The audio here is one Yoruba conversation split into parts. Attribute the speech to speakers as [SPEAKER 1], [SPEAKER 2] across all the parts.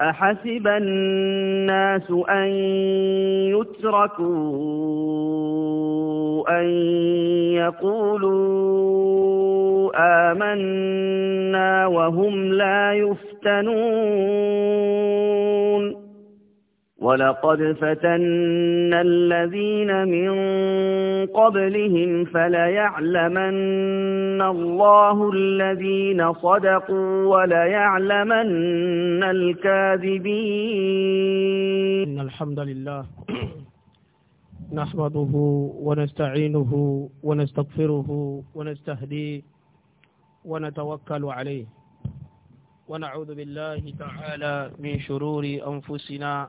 [SPEAKER 1] أحسب الناس أن يتركوا أن يقولوا آمنا وهم لا يفتنون ولقد فتنا الذين من قبلهم فليعلمن الله الذين صدقوا وليعلمن الكاذبين إن الحمد لله نحمده ونستعينه ونستغفره ونستهديه ونتوكل عليه ونعوذ بالله تعالى من شرور أنفسنا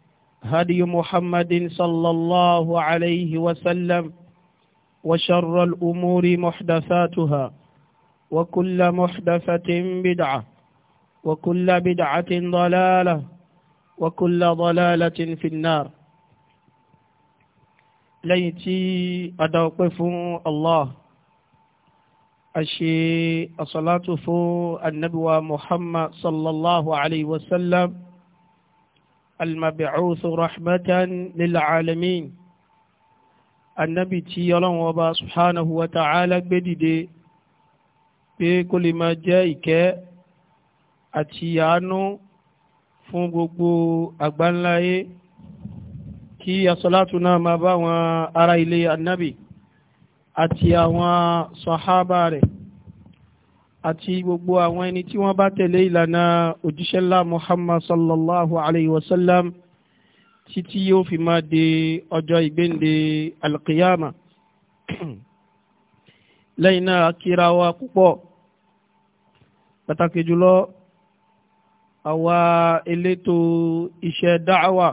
[SPEAKER 1] هدي محمد صلى الله عليه وسلم وشر الأمور محدثاتها وكل محدثة بدعة وكل بدعة ضلالة وكل ضلالة في النار ليتي أدوقف الله أشي الصلاة فو النبوة محمد صلى الله عليه وسلم المبعوث رحمة للعالمين النبي تي الله وبا سبحانه وتعالى بديدي بكل ما جاءك أتيانو fún gbogbo àgbáńláyé kí asọ́látù náà máa bá wọn ará ilé annabi àti àwọn sọ̀hábà rẹ̀ àti gbogbo àwọn ẹni tí wọ́n bá tẹ̀lé ìlànà òjíṣẹ́ ńlá Muhammad sallallahu alayhi wa sallam títí yóò fi máa de ọjọ́ ìgbéǹde alqiyama lẹ́yìn náà kíra wa púpọ̀ pàtàkì jùlọ àwa elétò iṣẹ́ dáhàwà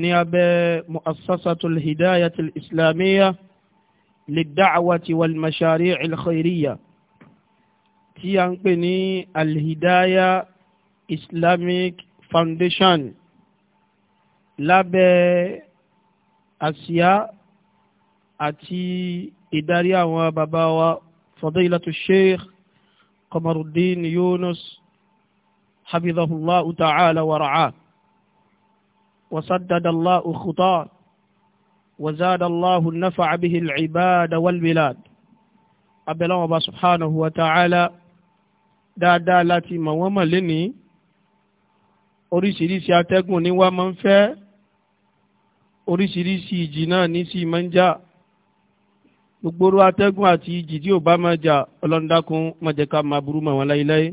[SPEAKER 1] ní abẹ́ mu'assasatul hidayatul islamiyya lid da'wati wal mashari'il khairiyya. tí a ń pè ní alhidaya islamic foundation lábẹ́ àsíá àti ìdarí àwọn bàbá wa fadilatu sheikh kọmarudin yunus hafidhahullahu ta'ala wa ra'a وسدد الله خطاه وزاد الله ibada به العباد والبلاد أبلغ الله سبحانه ta'ala. dáadáa láti mọ̀ wọ́n mọ̀ lénìí oríṣiríṣi atẹ́gùn ni wá máa ń fẹ́ oríṣiríṣi ìjì náà ní sí máa ń jà gbogbooru atẹ́gùn àti ìjì tí ò bá máa jà ọlọ́ndàkùn máa jẹ́ ká máa burú mọ̀ wọ́n láyéláyé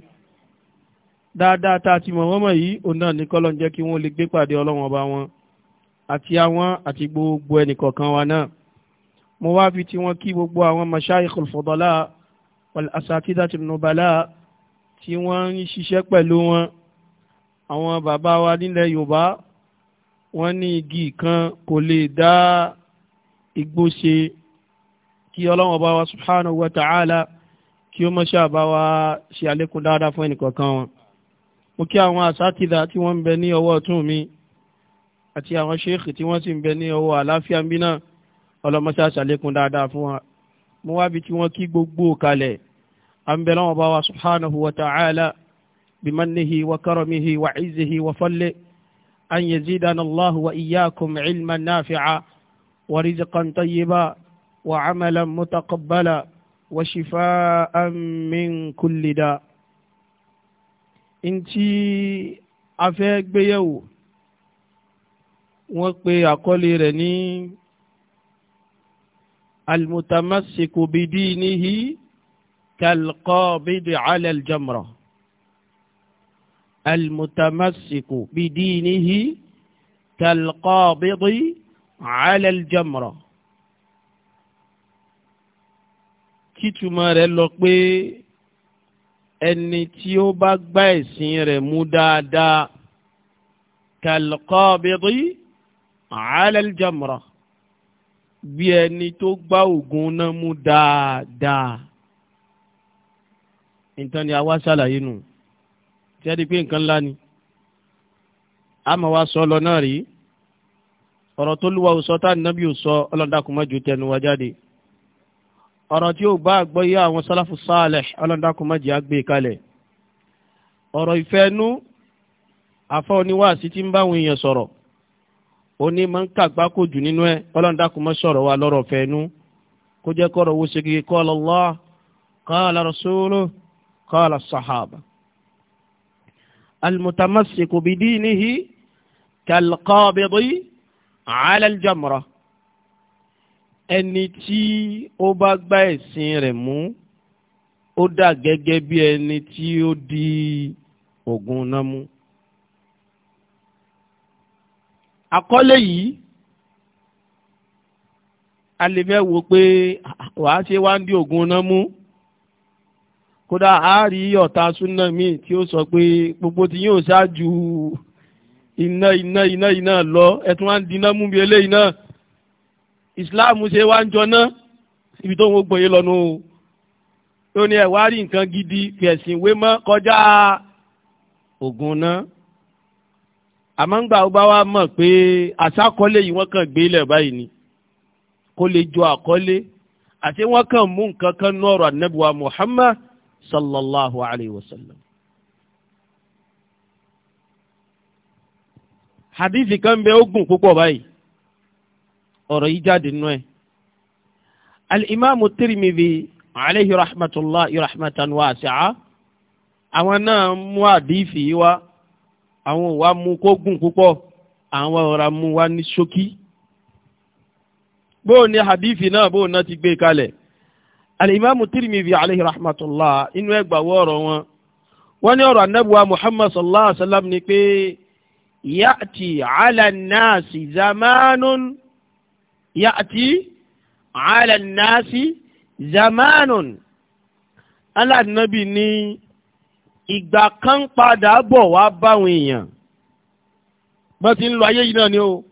[SPEAKER 1] dáadáa tá a ti mọ̀ wọ́n mọ̀ yìí òun náà ní kọ́lọ́ ń jẹ́ kí wọ́n lè gbé pàdé ọlọ́wọ́n ọba wọn àti àwọn àti gbogbo ẹnìkọ̀ọ̀kan wa náà mo wá fi tiwọn kí gbogbo àwọn mashayikh al-fudala wal asatidat an-nubala tí wọ́n ń ṣiṣẹ́ pẹ̀lú wọn àwọn bàbá wa nílẹ̀ Yorùbá wọ́n ní igi kan kò lè dá igbó ṣe kí Ọlọ́run Ọba wa subhanahu wa ta'ala kí ó mọ́ṣẹ́ bá wa ṣe àlékún dáadáa fún ẹnìkọ̀ọ̀kan wọn mo kí àwọn àsátìdá tí wọ́n ń bẹ ní ọwọ́ ọ̀tún mi àti àwọn ṣéèkì tí wọ́n sì ń bẹ ní ọwọ́ àlàáfíà ń bí náà ọlọ́mọṣẹ́ àṣàlékún dáadáa fún wa mo wábi tí wọ́n kí gbogbo kalẹ̀ àmbẹ̀lẹ́ wọn bá wa subhanahu wa ta'ala bimannihi wa karamihi wa cizihi wa falle an yazidan allah wa iyaakum cilman naafica wa rizqan tayiba wa camalan mutaqabbala wa shifaa'an min kulli da. ntí a fẹ́ gbéyẹ̀wò wọ́n pe àkọlé rẹ̀ ní almutamassiku bidinihi. كالقابض على الجمرة المتمسك بدينه كالقابض على الجمرة títúmọ̀ rẹ̀ lọ pé ẹni tí ó bá gbá ẹ̀sìn rẹ̀ mú dáadáa kàlùkọ́bìrì àálẹ́lìjàmùrà bí ẹni tó gbá ògùn náà mú dáadáa nǹkan ni àwa ṣàlàyé nù tí a di pé nǹkan ńlá ni a máa wá sọ lọ náà rí ọ̀rọ̀ tó lúwa ò sọ tá nàbí ò sọ ọlọ́dàkùnmọ́jù tẹnu wa jáde ọ̀rọ̀ tí ó bá àgbọ́yé àwọn sálàfù sálẹ̀ ọlọ́dàkùnmọ́jì àgbè e kalẹ̀ ọ̀rọ̀ ìfẹ́nú afọ́ oníwàásí tí ń bá àwọn èèyàn sọ̀rọ̀ ó ní máa ń kàgbá kò jù nínú ẹ ọlọ́dàkùnmọ́ sọ̀rọ̀ wa lọ́rọ̀ fẹ́nú kó jẹ́ kọ́rọ̀ wo ṣe kí qala Allah qala rasuluhu قال الصحابة المتمسك بدينه كالقابض على الجمرة ẹni tí ó bá gbá ẹ̀sìn rẹ̀ mú ó dà gẹ́gẹ́ bí ẹni tí ó di ògùn náà mú. àkọlé yìí a lè fẹ́ wo pé wàá ṣe wá ń di ògùn náà mú kódà a rí ọ̀tá súnà míì tí ó sọ pé gbogbo tí yóò ṣáájú iná iná iná iná lọ ẹtún wá ń dínà mú bí eléyìí náà ìsìláàmù ṣe wá ń jọná ibi tó ń gbogbo yìí lọ́nu ó ní ẹ̀ rí nǹkan gidi fẹ̀sìn ìwé mọ́ kọjá ògùn náà àmọ́ ń gbà ó bá wá mọ̀ pé àṣàkọlé yìí wọ́n kàn gbé ilẹ̀ báyìí ni kó lè jọ àkọlé àti wọ́n kàn mú nǹkan kan nọ́ọ̀rọ̀ ànábùwà Muhammad sallallahu alayhi wa sallam. hadithi kan bẹ ogun púpọ̀ báyìí ọ̀rọ̀ yìí jáde nínú ẹ̀ al-imaamu tirimidhi alayhi wa rahmatan wasi'a àwọn náà mú hadithi yìí wá àwọn ò wa mú kó gùn púpọ̀ àwọn ọ̀rá mú wá ni hadithi náà bóò náà ti gbé kalẹ̀ alimami tirimidi alayhi rahmatulah inú ẹgbà wọ́ọ̀rọ̀ wọn wọ́n ní ọ̀rọ̀ anabuwa muhammad sallallahu alayhi wa sallam ni pé yàtì alànàásì zamanun yàtì alànàásì zamanun alànàbì ní ìgbà kan padà bọ̀ wá báwọn èèyàn bọ́n ti ń lo ayé yìí náà ni o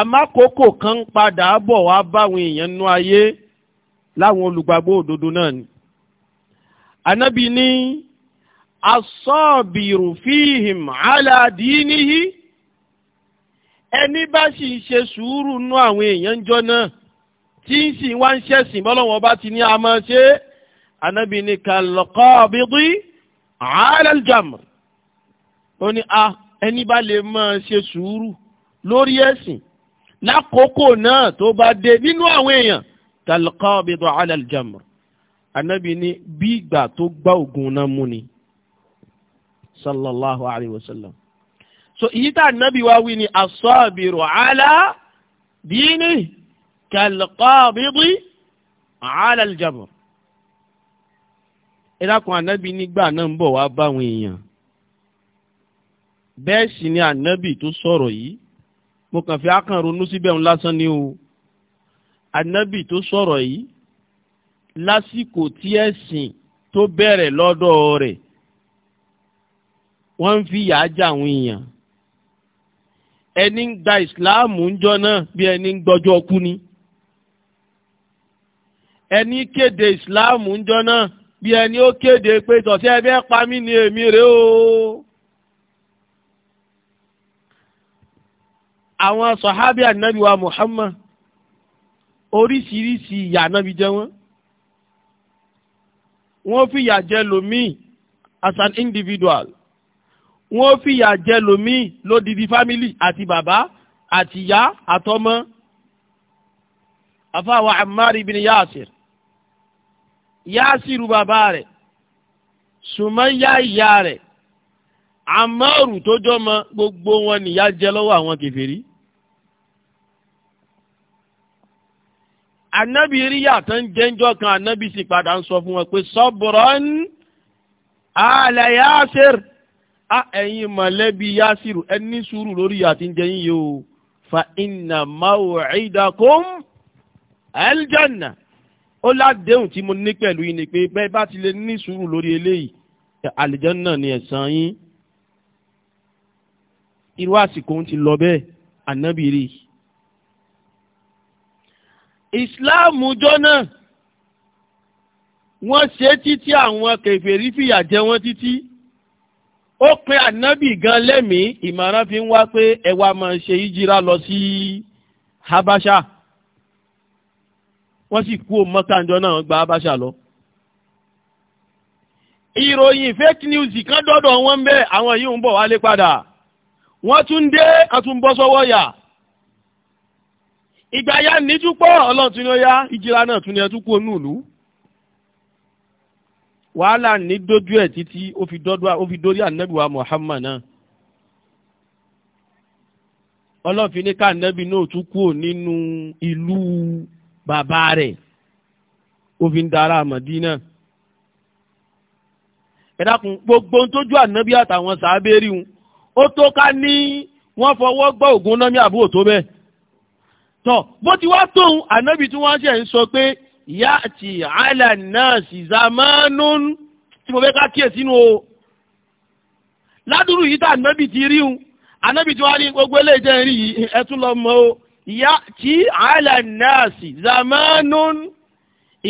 [SPEAKER 1] àmọ́ àkókò kan padà bọ̀ wá báwọn èèyàn nú ayé. No láwọn olùgbàgbọ́ òdodo náà ni. Ànábì ní asọ́ọ̀bìrù fíhìm aládìíníhì ẹni bá sì ń ṣe sùúrù nú àwọn èèyàn jọ náà tí ń sì wá ń ṣẹ̀sìn bọ́lọ́wọ́n bá ti ní a máa ṣe Ànábì ní kàlọ́kọ́ọ̀bìdì àálẹ́ljàmù ó ní a ah, ẹni bá lè máa ṣe sùúrù lórí ẹ̀sìn lákòókò náà tó bá dé nínú àwọn èèyàn kalqabidu ala aljamr anabi ní bí ìgbà tó gbá ògùn náà mú ni sallallahu alayhi wa sallam so èyí tá anabi wá wí ni asabiru ala dini kalqabidu ala aljamr ìdákun ànábì nígbà náà ń bọ̀ wá báwọn èèyàn bẹ́ẹ̀ sì ni ànábì tó sọ̀rọ̀ yìí mo kàn fi ákàn ronú síbẹ̀ ń lásán ni o Anabi tó sọ̀rọ̀ yìí lásìkò tí ẹ̀sìn tó bẹ̀rẹ̀ lọ́dọ̀ rẹ̀ wọ́n ń fi yà àwọn èèyàn ẹni ń gba ìsìláàmù ń jọ náà bí ẹni ń gbọ́jọ́ ni ẹni kéde ìsìláàmù ń jọ náà bí ẹni ó kéde pé tọ̀sí ẹ ni èmi o. àwọn sọ̀hábíà Muhammad oríṣiríṣi ìyà náà fi jẹ wọ́n wọ́n fìyà jẹ lòmíì as an individual wọ́n fìyà jẹ lòmíì lódìdí family àti bàbá àti ìyá àtọmọ afáwa Ammar ibn Yasir Yasiru bàbá rẹ̀ Sumayya ìyá rẹ̀ Ammaru tó jọmọ gbogbo wọn nìyà jẹ lọ́wọ́ àwọn kèfèrí. anabi rí yàtọ̀ ń jẹ́njọ́ kan anabi sì padà ń sọ fún wọn pé sọ́bùrọ́n àlẹ́ yásir á ẹ̀yin mọ̀lẹ́bí yásir ẹni sùúrù lórí yàtí ń jẹyìn yìí o fa inna maw'idakum aljanna ó ládéhùn tí mo ní pẹ̀lú yìí ni pé bẹ́ẹ̀ bá ti lè ní sùúrù lórí eléyìí àlìjánná ni ẹ̀san yín irú àsìkò ń ti lọ bẹ́ẹ̀ anabi rí i ìsìláàmù jọ́nà wọ́n ṣe títí àwọn kèfèrí fìyà jẹ wọ́n títí ó pe ànábì gan lẹ́mìí ìmọ̀ràn fi ń wá pé ẹ wá máa ṣe ìjìrá lọ sí habasha wọ́n sì kú mọ́kànjọ́ náà gba habasha lọ. ìròyìn fake news kan dọ́dọ̀ wọn bẹ́ẹ̀ àwọn yìí ń bọ̀ wálé padà wọ́n tún dé àtúnbọ́sọ́wọ́ yà ìgbà ya níjú pọ̀ ọlọ́run tún ní ó yá ìjìlá náà tún ní ẹ tún kú onú ìlú wàhálà ní dójú ẹ̀ títí ó fi dọ́dọ́ ó fi dórí ànábìwá Muhammad náà ọlọ́run fi ní ká ànábì náà tún kú nínú ìlú bàbá rẹ̀ ó fi ń dara Mádínà ẹ dákun gbogbo ohun tójú ànábì àtàwọn sàábẹ́rì wọn ó tó ká ní wọ́n fọwọ́ gbọ́ ògùn náà ní àbúrò tó bẹ́ẹ̀ tọ bó ti wá tóun ànábì tí wọ́n ṣe ń sọ pé ìyá àti àlà náà sì zamanun tí mo fẹ́ ká kíyè sínú o ládùúrú yìí tá ànábì ti rí un ànábì tí wọ́n rí gbogbo eléyìí tẹ́ ń rí yìí ẹ tún lọ mọ o ìyá àti àlà náà sì zamanun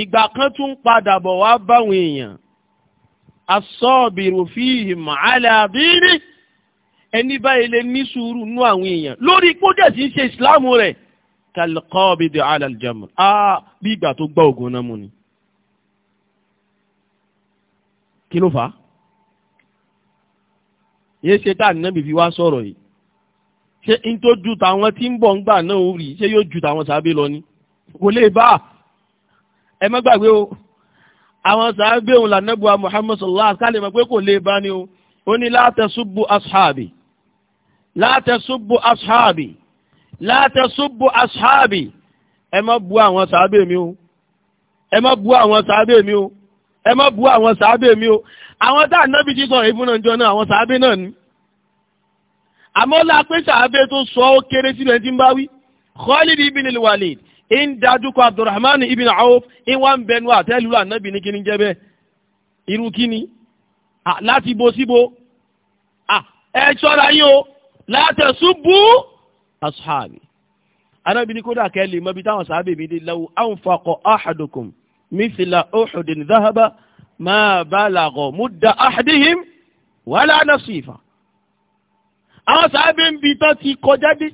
[SPEAKER 1] ìgbà kan tún padà bọ̀ wá báwọn èèyàn asọ́ọ̀bìrù fíìhì màálà bíní ẹni báyìí lè ní sùúrù nú àwọn èèyàn lórí kó dẹ̀ sí ṣe ìsìláàmù rẹ̀ kàlùkọ́ọ̀bìdì alàlìjàmù á bí ìgbà tó gbá ògùn náà mú ni kí ló fà á yé ṣe tá ànínábì fi wá sọ̀rọ̀ yìí ṣé n tó ju tàwọn tí ń bọ̀ ń gbà náà rí ṣé yóò ju tàwọn sàábé lọ ni kò lè bá ẹ má gbàgbé o àwọn sàábé òun lànàbùwà Muhammad sallallahu alaihi wa sallam pé kò lè bá ni o ó ní látẹ̀sùbù ashabi látẹ̀sùbù ashabi la tasubbu ashabi ẹ má bu àwọn sàábẹ̀ mi o ẹ má bu àwọn sàábẹ̀ mi o ẹ má bu àwọn sàábẹ̀ mi o àwọn tá ànábì ti sọ̀rọ̀ ìfúnná ìjọ náà àwọn sàábẹ̀ náà ni àmọ́ la pé sàábẹ̀ tó sọ ó kéré sínú ẹni tí ń bá wí Khalid ibn al-Walid ń dájú kọ Abdurrahman ibn Auf ń wá ń bẹnu ànábì ní kíní jẹ́ bẹ́ẹ̀ irú kíní láti bo síbo ẹ ṣọ́ra yín o látẹ̀sùn bú ashabi anábì ní kódà kẹ́lì mọ́bí táwọn sábẹ́ mi dé law anfaqa ahadukum mithla uhudin dhahaba ma balagha mudda ahadihim wala nasifa àwọn sábẹ́ ń bi tán ti kọjá dé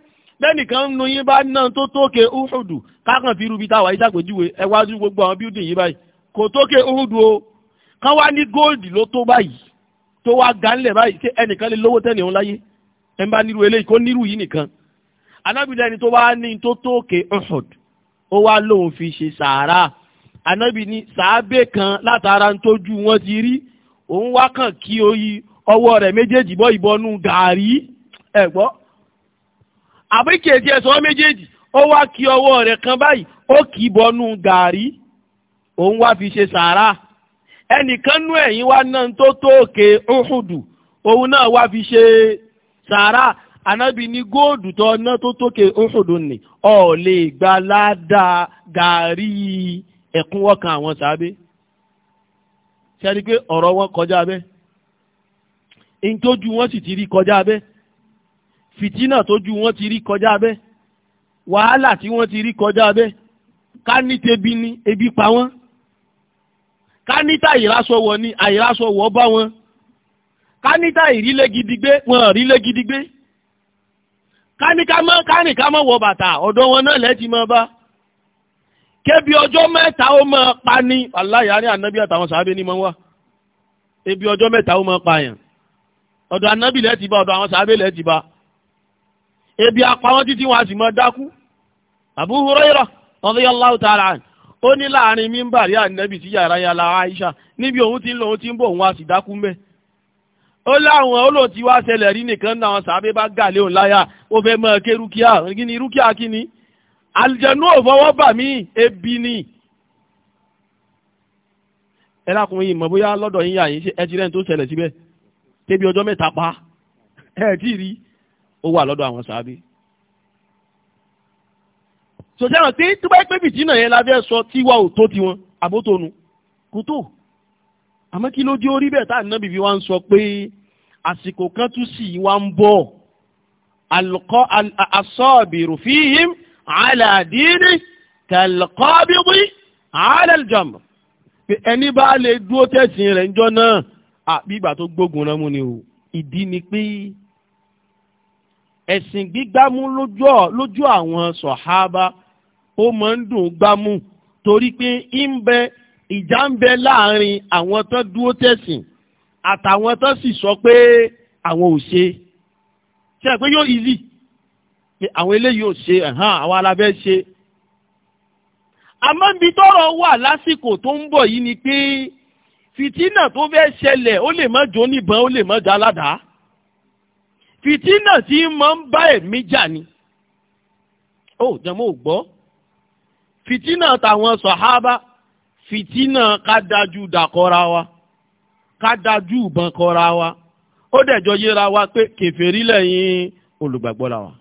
[SPEAKER 1] lẹ́nìkan nu yín bá ná tó tókè uhudu kákan fi rubi táwa yìí ṣàpèjúwe ẹ wájú gbogbo àwọn bíúdì yìí báyìí kò tókè uhudu o kán wá ní góòdì ló tó báyìí tó wá ganlẹ̀ báyìí ẹnìkan lè lówó tẹ́nìyàn láyé ẹ bá nírú eléyìí kó nírú yìí nìkan anábìlẹ̀ ẹni tó wá ní tó tóòkè Uhud ó wá lóun fi ṣe sàárà anábì ní sàábẹ̀ kan látara tójú wọn ti rí òun wá kàn kí oyi ọwọ́ rẹ̀ méjèèjì bọ́ ìbọnú gàárì ẹ̀ gbọ́ àbíkèjì ẹ̀sọ́ méjèèjì ó wá kí ọwọ́ rẹ̀ kan báyìí ó kì í bọnú gàárì òun wá fi ṣe sàárà ẹnìkan nú ẹ̀yìn wá náà tó tóòkè Uhud òun náà wá fi ṣe sàárà anábì ní góòdù tó ná tó tókè òṣòdò nì ọ̀ lè gba ládàá gàárì ẹ̀kúnwọ́ kan àwọn sàábé ṣẹ́ni pé ọ̀rọ̀ wọn kọjá abẹ́ ìntójú wọn sì ti rí kọjá abẹ́ fìtínà tójú wọn ti rí kọjá abẹ́ wàhálà tí wọ́n ti rí kọjá abẹ́ ká ní ni ebi pa wọ́n ká ní tá ìrásọwọ̀ ni àìrásọwọ̀ bá wọn ká ní tá ìrílé gidigbé wọn rílé gidigbé káníkámọ́ káníkámọ́ wọ bàtà wọn náà lẹ́ẹ̀tì mọ́ bá kébi ọjọ́ mẹ́ta ó máa pa ní aláyàárí ànábì àtàwọn sàábé ní mọ́ wá ebi ọjọ́ mẹ́ta ó máa pa yàn ọ̀dọ̀ ànábì lẹ́ẹ̀tì bá ọ̀dọ̀ àwọn sàábé lẹ́ẹ̀tì bá ebi apáwọn títí wọn a sì máa dákú ó ní láàrin mímbàrí ànábì sí yàrá yàrá Aisha níbi òun ti ń lọ ti ń òun a sì dákú ó láwọn olóhùn tí wá ṣẹlẹ̀ rí nìkan náà àwọn sàábé bá gà léhùn láyà ó fẹ́ mọ́ ké rúkìá kí ni rúkìá kí ni àlìjẹ̀nú ò fọwọ́ bà mí ebi ni. ẹ lákùnrin yìí mọ̀ bóyá lọ́dọ̀ yín yà yín ṣe ẹtí rẹ́ni tó ṣẹlẹ̀ síbẹ̀ tẹ́bi ọjọ́ mẹ́ta pa ẹ tí rí ó wà lọ́dọ̀ àwọn sàábé. sọ̀tẹ́ràn pé tó bá pẹ́ bìtì yẹn la fẹ́ sọ tiwa ò tó tiwọn àbótonu kò tó àmọ́ kí ló dé orí bẹ́ẹ̀ táà náà bìbí wa ń sọ pé àsìkò kan tún sì wá ń bọ̀ alùkọ́ asọ́ọ̀bìrù fíhìm aládìíní kàlùkọ́bìbì alàlùjàm ẹni bá lè dúró tẹ̀sìn rẹ̀ ńjọ́ náà àbí ìgbà tó gbógun náà mú ni o ìdí ni pé ẹ̀sìn gbígbámú lójú àwọn sọ̀hábà ó máa ń dùn gbámú torí pé ìjà ń bẹ láàrin àwọn tó dúró tẹ̀sìn àtàwọn tó sì sọ pé àwọn ò ṣe ṣe pé yóò easy pé àwọn eléyìí ò ṣe ẹ̀hán àwọn alábẹ́ ṣe àmọ́ ibi tọ́rọ̀ wà lásìkò tó ń bọ̀ yìí ni pé fìtínà tó fẹ́ ṣẹlẹ̀ ó lè má jó níbọn ó lè má já ládàá fìtínà tí máa ń bá ẹ̀mí jà ni ó jẹ́mọ́ ò gbọ́ fìtínà tàwọn sàhábà fìtínà ká dájú dàkọ́ra wa ká dájú ìbọn kọra wa ó dẹ̀jọ yéra wa pé kèfèrí lẹ́yìn olùgbàgbọ́ la wa.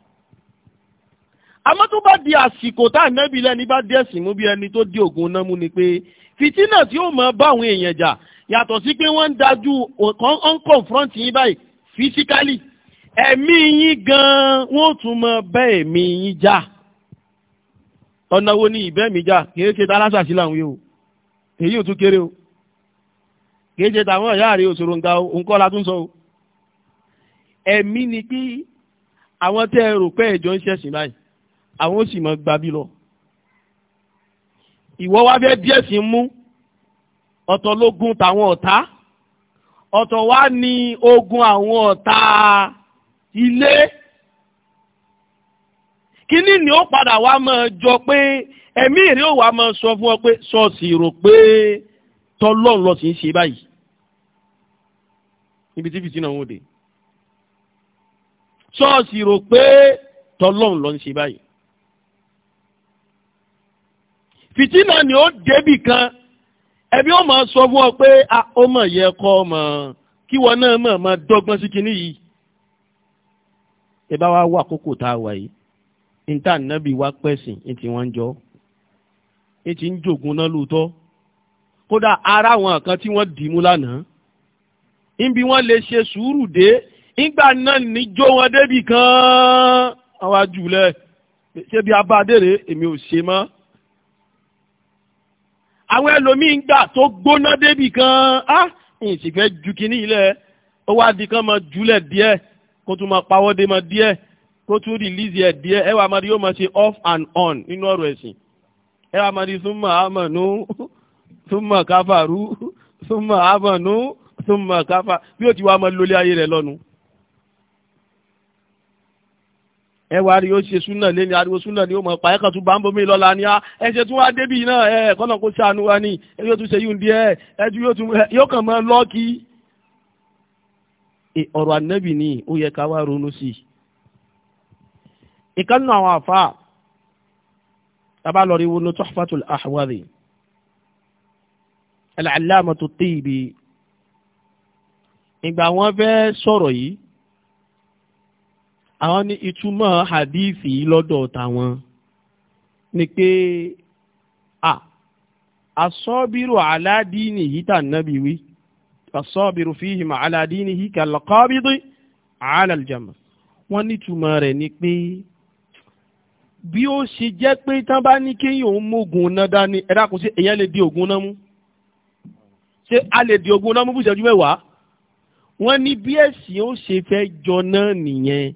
[SPEAKER 1] àmọ́ tó bá di àsìkò tá ànábì lẹ́ni bá dé ẹ̀sìn mú bí ẹni tó di ògùn náà mú ni pé fìtínà tí ó máa bá àwọn èèyàn jà yàtọ̀ sí pé wọ́n ń dájú ọ̀n confront yín báyìí physically ẹ̀mí yín gan-an wọ́n tún máa bá ẹ̀mí yín jà ọ̀nà wo ni ìbẹ́ẹ̀mí jà kìí ṣe tá aláṣàṣì làwọn yìí èyí ò tún kéré o kìí ṣe tàwọn ọ̀yá rẹ̀ òṣòro nǹkan la tún sọ o ẹ̀mí ni pé àwọn tẹ́ ẹ rò pé ẹ̀jọ́ ń ṣẹ̀sìn báyìí àwọn ó sì mọ gbabi lọ ìwọ wá fẹ́ díẹ̀ sí mú ọ̀tọ̀ lógun tàwọn ọ̀tá ọ̀tọ̀ wá ní ogun àwọn ọ̀tá ilé kíní ni ó padà wá máa jọ pé ẹ̀mí ìrẹ́ ò wá máa sọ fún ọ pé ṣọ́ọ̀ṣì rò pé tọ́lọ́ọ̀ lọ sí ń ṣe báyìí níbi tí fìtínà wọn dé ṣọ́ọ̀ṣì rò pé tọlọ́run ló ń ṣe báyìí fìtínà ni ó débì kan ẹbí ó sọ fún ọ pé a ó mọ̀ yẹ kọ́ ọ mọ̀ kí wọn náà mọ̀ máa dọ́gbọ́n sí kinní yìí ẹ bá wá wà àkókò tá a wà yìí níta nàbì wá pẹ̀sìn ní tí wọ́n ń jọ ní tí ń jogun náà lóòótọ́ kódà ara àwọn kan tí wọ́n dì í mú lánàá níbi wọ́n lè ṣe sùúrù dé nígbà náà níjó wọn débì kan àwọn àjùlẹ̀ ṣé bí abádèrè èmi ò ṣe mọ́. àwọn ẹlòmíì ń gbà tó gbóná débì kan á ìsì fẹ́ ju kínní ilẹ̀ ó wá di kan máa jùlẹ̀ díẹ̀ kó tún máa pawọ́ dé máa díẹ̀ kó tún rìlíìsì ẹ̀ díẹ̀ ẹ wà yóò máa ṣe off and on nínú ọ̀rọ̀ ẹ̀sìn ẹ wà máa di súnmọ́ àmọ̀nú súnmọ́ káfàrú súnmọ́ àmọ̀nú thumma kafa bí ó ti wá máa lólé ayé rẹ̀ lọ́nu. ẹ wá rí ó ṣe súnà lé ní ariwo súnà ni ó mọ̀ pa ẹ̀kan tún bá ń bomi lọ́la ni ẹ ṣe tún wá débì náà ẹ kọ́nà kó ṣàánú wa ni yóò tún ṣe yún díẹ̀ ẹ yóò tún yóò kàn máa lọ́ọ̀kì. ọ̀rọ̀ ànábì ni ó yẹ ká wá ronú sí i. ìkànnì àwọn àfa tabalọ̀rí wo ni Tuhfatul Ahwadhi al-Allamatu Tibi ìgbà wọn fẹ́ sọ̀rọ̀ yìí àwọn ní ìtumọ̀ hadithi yìí lọ́dọ̀ tàwọn ni pé a asọ́bírù aládìní yìí tà nábì wí asọ́bírù fíhìm aládìní yìí kàlọ́kọ́bìdì alàlìjàmà wọ́n ní ìtumọ̀ rẹ̀ ni pé bí ó ṣe jẹ́ pé tán bá ní kéèyàn ń mógun náà dání ẹ̀dá kò sí èèyàn lè di ògùn náà mú ṣé a lè di ògùn náà mú fún ìṣẹ́jú mẹ́wàá wọ́n ní bí ẹ̀sìn ó ṣe fẹ́ jọ náà nìyẹn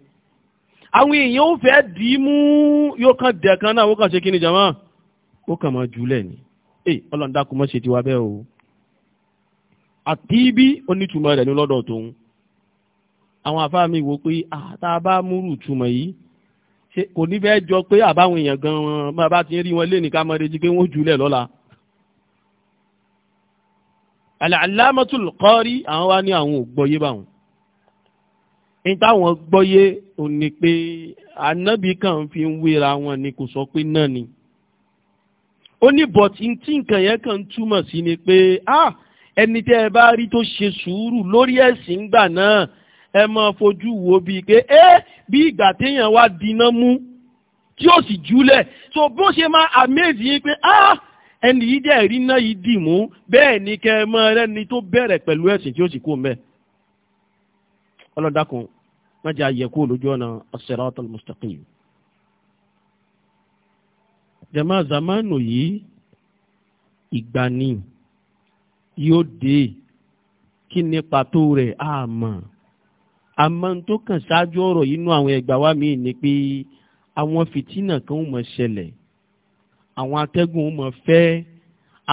[SPEAKER 1] àwọn èèyàn ó fẹ́ dì í mú yóò kàn dẹ̀kan náà ó kàn ṣe kí ni jàmá ó kàn máa jùlẹ̀ ni ẹ ọlọ́run dákun mọ́ ṣe tiwa bẹ́ẹ̀ o àti bí onítùmọ̀ rẹ̀ ní lọ́dọ̀ tóun àwọn àfáà mi wò pé àtà bá múrù túmọ̀ yìí kò ní fẹ́ jọ pé àbáwọn èèyàn gan-an bá ti rí wọn lé ní ká mọ́ retí pé wọ́n jùlẹ̀ lọ́la alàlámọ́tòl kọ́rí àwọn wá ní àwọn ògbọ́yé báwọn ní táwọn gbọ́yé ò ní pé anábì kan fi ń wéra wọn ni kò sọ pé náà ni ó ní bọ̀tí tí nǹkan yẹn kan túmọ̀ sí ni pé ah ẹni tẹ́ ẹ bá rí tó ṣe sùúrù lórí ẹ̀sìn ńgbà náà ẹ máa fojú wo bíi pé ẹ eh, bí ìgbà téèyàn wá dínà mú tí ó sì júlẹ̀ so bó ṣe máa amaze yín pé ah ẹni yìí dẹ̀ rí náà yìí dì mú bẹ́ẹ̀ ni kẹ́ ẹ máa rẹ́ni tó bẹ̀rẹ̀ pẹ̀lú ẹ̀sìn tí ó sì kú mẹ́. ọlọ́dàkùn má jẹ́ àyẹ̀kú lójú ọ̀nà as-siratal mustaqim. jama zamanu yìí ìgbani yóò dé kí ni pàtó rẹ̀ àmọ́ àmọ́ tó kàn ṣáájú ọ̀rọ̀ yìí nú àwọn ẹgbàá wa mí ni pé àwọn fìtínà kan ó mọ̀ ṣẹlẹ̀ àwọn atẹ́gùn ó máa fẹ́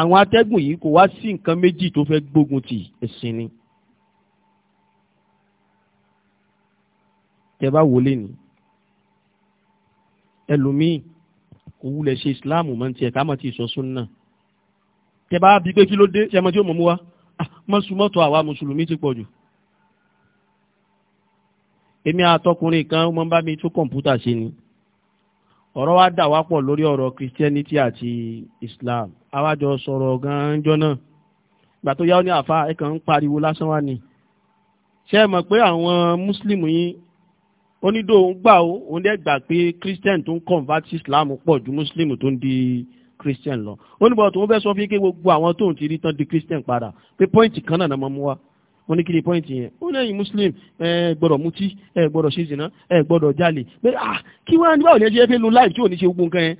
[SPEAKER 1] àwọn atẹ́gùn yìí kò wá sí nǹkan méjì tó fẹ́ gbógun ti ẹ̀sìn ni. tẹ bá wọlé ni ẹlòmíì kò wulẹ̀ ṣe ìsìláàmù mọ́ tiẹ̀ ká mọ̀ ti sọ súnà tẹ bá bí pé kí ló dé ṣe mọ́ tí ó mọ̀ mú wa ah, mọ́sùmọ́tò àwa mùsùlùmí ti pọ̀ jù èmi àtọkùnrin kan ó máa ń bá mi tún kọ̀ǹpútà ṣe ni ọ̀rọ̀ wa dà wá pọ̀ lórí ọ̀rọ̀ christianity àti islam àwájọ sọ̀rọ̀ gan-an jọ náà gbà tó yá ó ní àfa ẹ kàn ń pariwo lásán wá ni ṣé ẹ mọ̀ pé àwọn muslim yín onídò gbà ó òun dẹ́ gbà pé christian tó ń convert islam pọ̀ ju muslim tó ń di christian lọ ó ní bọ̀ tó ń fẹ́ sọ fún yín pé gbogbo àwọn tóun ti rí tán di christian padà pé pọ́ìntì kan náà ni wọ́n mú wá wọ́n ní kí ni pọ́ìntì yẹn ó lẹ́yìn muslim ẹ gbọ́dọ̀ mutí ẹ gbọ́dọ̀ ṣe ìsìná ẹ jalè pé ah kí wọ́n á ní báwo ni ẹ jẹ́ fẹ́ lu láì tí ò ní ṣe gbogbo nǹkan yẹn.